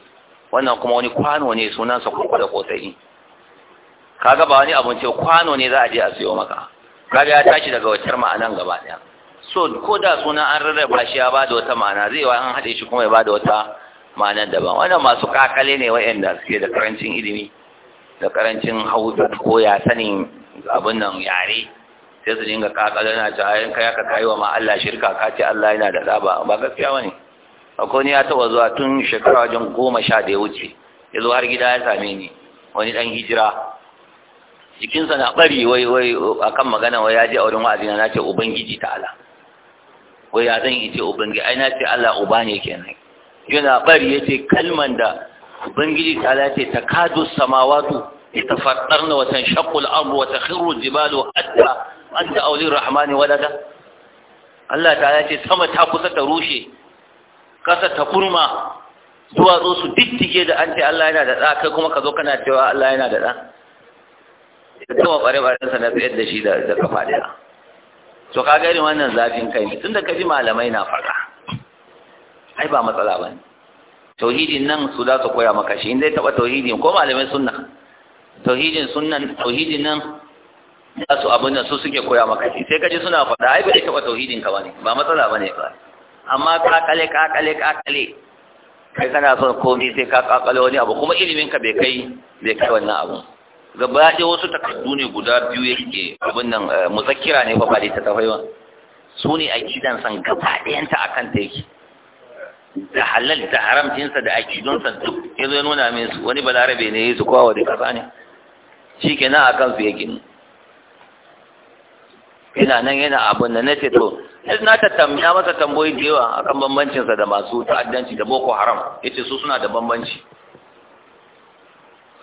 wannan kuma wani kwano ne sunansa koko da kosai kaga ba wani abun ce kwano ne za a je a siyo maka kaga ya tashi daga wacar ma'anan gaba daya so ko da sunan an rarraba shi ya bada wata ma'ana zai wa an haɗe shi kuma ya bada wata ma'anan daban wannan masu kakale ne wa'anda suke da karancin ilimi da karancin hausa ko ya sanin abin nan yare sai su dinga kakalo na ta ayin kai ka kai wa ma Allah shirka ka ce Allah yana da zaba ba gaskiya bane akwai ni ya taba zuwa tun shekara wajen goma sha da ya wuce ya zo har gida ya same ni wani dan hijira jikinsa na bari wai wai akan magana wai ya ji a wurin wa'azi na ce ubangiji Allah wai ya zan yi ce ubangiji ai na ce Allah uba ne kenan yana bari ya ce kalman da ubangiji ta Allah ce takadu samawatu ita wa na watan shakul abu wata khiru jibalu hatta an da aulin rahmani walada Allah ta ce sama ta kusa ta rushe kasa ta kurma zo su dittike da an ce Allah yana da ɗa kai kuma ka zo kana cewa Allah yana da ɗa da kuma ɓare-ɓaren sa na tsayar da shi da kafa ɗaya to ka gani wannan zafin kai ne tunda ka ji malamai na faɗa ai ba matsala ba ne tauhidin nan su za su koya maka shi In dai taɓa tauhidin ko malamai sunna tauhidin sunnan tauhidin nan za su abin nan su suke koya maka shi sai kaji suna faɗa ai bai taɓa tauhidin ka bane ba matsala bane ba amma kale ka kale kai kana son komai sai ka kakale wani abu kuma ilimin ka bai kai bai kai wannan abu gaba ɗaya wasu takardu ne guda biyu yake abin nan eh, muzakkira ne ba ba da ta tafai ba su ne kidan san gaba ɗayanta a kanta yake da halal da haramcinsa da akidunsa duk ya zo nuna min su wani balarabe ne ya su kowa da ƙasa ne shi kenan a kansu yake ne Ina nan yana abin da na ce to na tattamiya masa tamboyi da yawa akan bambancinsa da masu ta'addanci da boko haram ya ce su suna da bambanci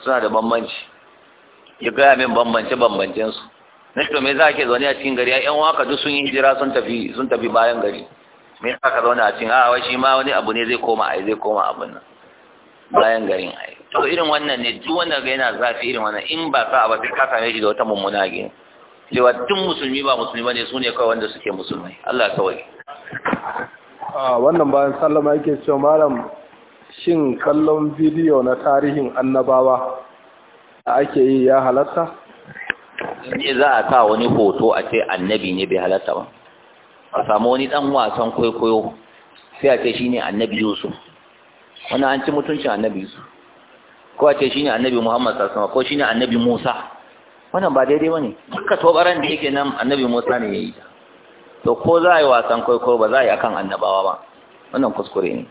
suna da bambanci ya gaya min bambance su. na to me za ke zaune a cikin gari yan waka duk sun yi hijira sun tafi sun tafi bayan gari me yasa ka zaune a cikin a'a ah, wai shi ma wani abu ne zai koma ai zai koma abin nan bayan garin ai to irin wannan ne duk wanda ga yana zafi irin wannan in ba sa ba sai ka same shi da wata mummuna gini cewa tun musulmi ba musulmi ba ne, su ne kawai wanda suke musulmi. Allah kawai a wannan bayan sallama yake cewa malam shin kallon bidiyo na tarihin annabawa da ake yi ya halatta ne za a sa wani hoto a ce annabi ne bai halatta ba a samu wani dan wasan kwaikwayo sai a ce shine annabi Yusuf wani an ci mutuncin annabi yusu ko a ce ne annabi Muhammad sassama ko shi ne annabi Musa wannan ba daidai bane duka tobaran da yake nan annabi Musa ne yayi ta to ko za a yi wasan kwaikwayo ba za a yi akan annabawa ba wannan kuskure ne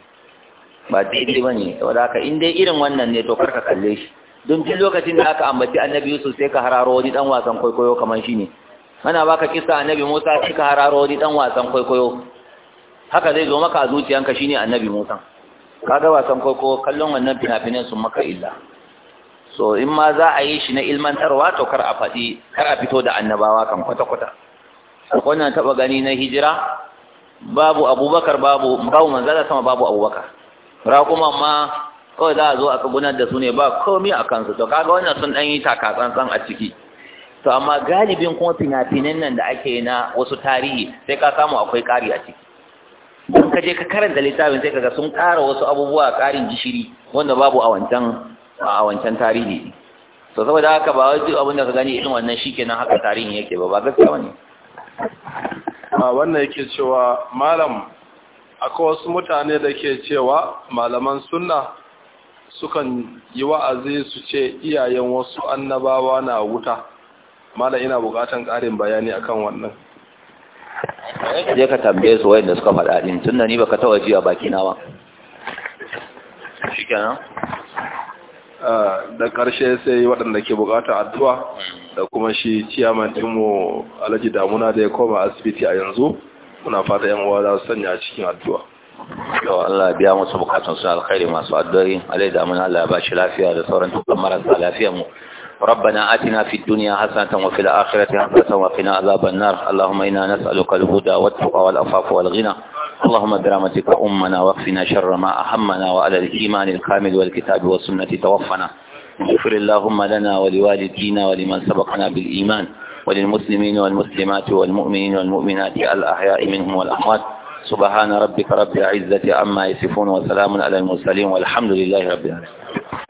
ba daidai bane saboda haka in dai irin wannan ne to karka kalle shi don duk lokacin da aka ambaci annabi Yusuf sai ka hararo wani dan wasan kwaikwayo kamar shi ne ana baka kisa annabi Musa sai ka hararo wani dan wasan kwaikwayo haka zai zo maka a zuciyanka shine annabi Musa kaga wasan kwaikwayo kallon wannan fina-finan sun maka illa so in ma za a yi shi na ilmantarwa to kar a faɗi kar a fito da annabawa kan kwata-kwata wannan taɓa gani na hijira babu abubakar babu babu da sama babu abubakar kuma ma kawai za a zo a gunar da su ne ba komi a kansu to kaga wannan sun ɗan yi takatsantsan a ciki to amma galibin kuma fina-finan nan da ake na wasu tarihi sai ka samu akwai ƙari a ciki don ka je ka karanta littafin sai kaga sun ƙara wasu abubuwa ƙarin gishiri wanda babu a wancan a wancan tarihi so saboda haka ba wajen abin da ka gani irin wannan shi nan haka tarihin yake ba ba gaskiya wani a wannan yake cewa malam akwai wasu mutane da ke cewa malaman suna sukan yi wa'azi su ce iyayen wasu annabawa na wuta malam ina bukatan karin bayani akan wannan je ka tambaye su wayanda suka faɗa din da ni baka tawaji a baki na ba nan. Ah, da ƙarshe sai waɗanda ke bukata addu'a da kuma shi ciyaman dinmu alhaji damuna da ya koma asibiti a yanzu muna fata yan uwa za sanya cikin addu'a yau Allah biya musu bukatun su alkhairi masu addu'ari alai damuna Allah ba shi lafiya da sauran dukkan marasa lafiyar mu ربنا آتنا في الدنيا حسنة وفي الآخرة حسنة وقنا عذاب النار اللهم إنا نسألك الهدى والتقى والعفاف والغنى اللهم برحمتك أمنا واغفنا شر ما أهمنا وعلى الإيمان الكامل والكتاب والسنة توفنا اغفر اللهم لنا ولوالدينا ولمن سبقنا بالإيمان وللمسلمين والمسلمات والمؤمنين والمؤمنات الأحياء منهم والأموات سبحان ربك رب العزة عما يصفون وسلام على المرسلين والحمد لله رب العالمين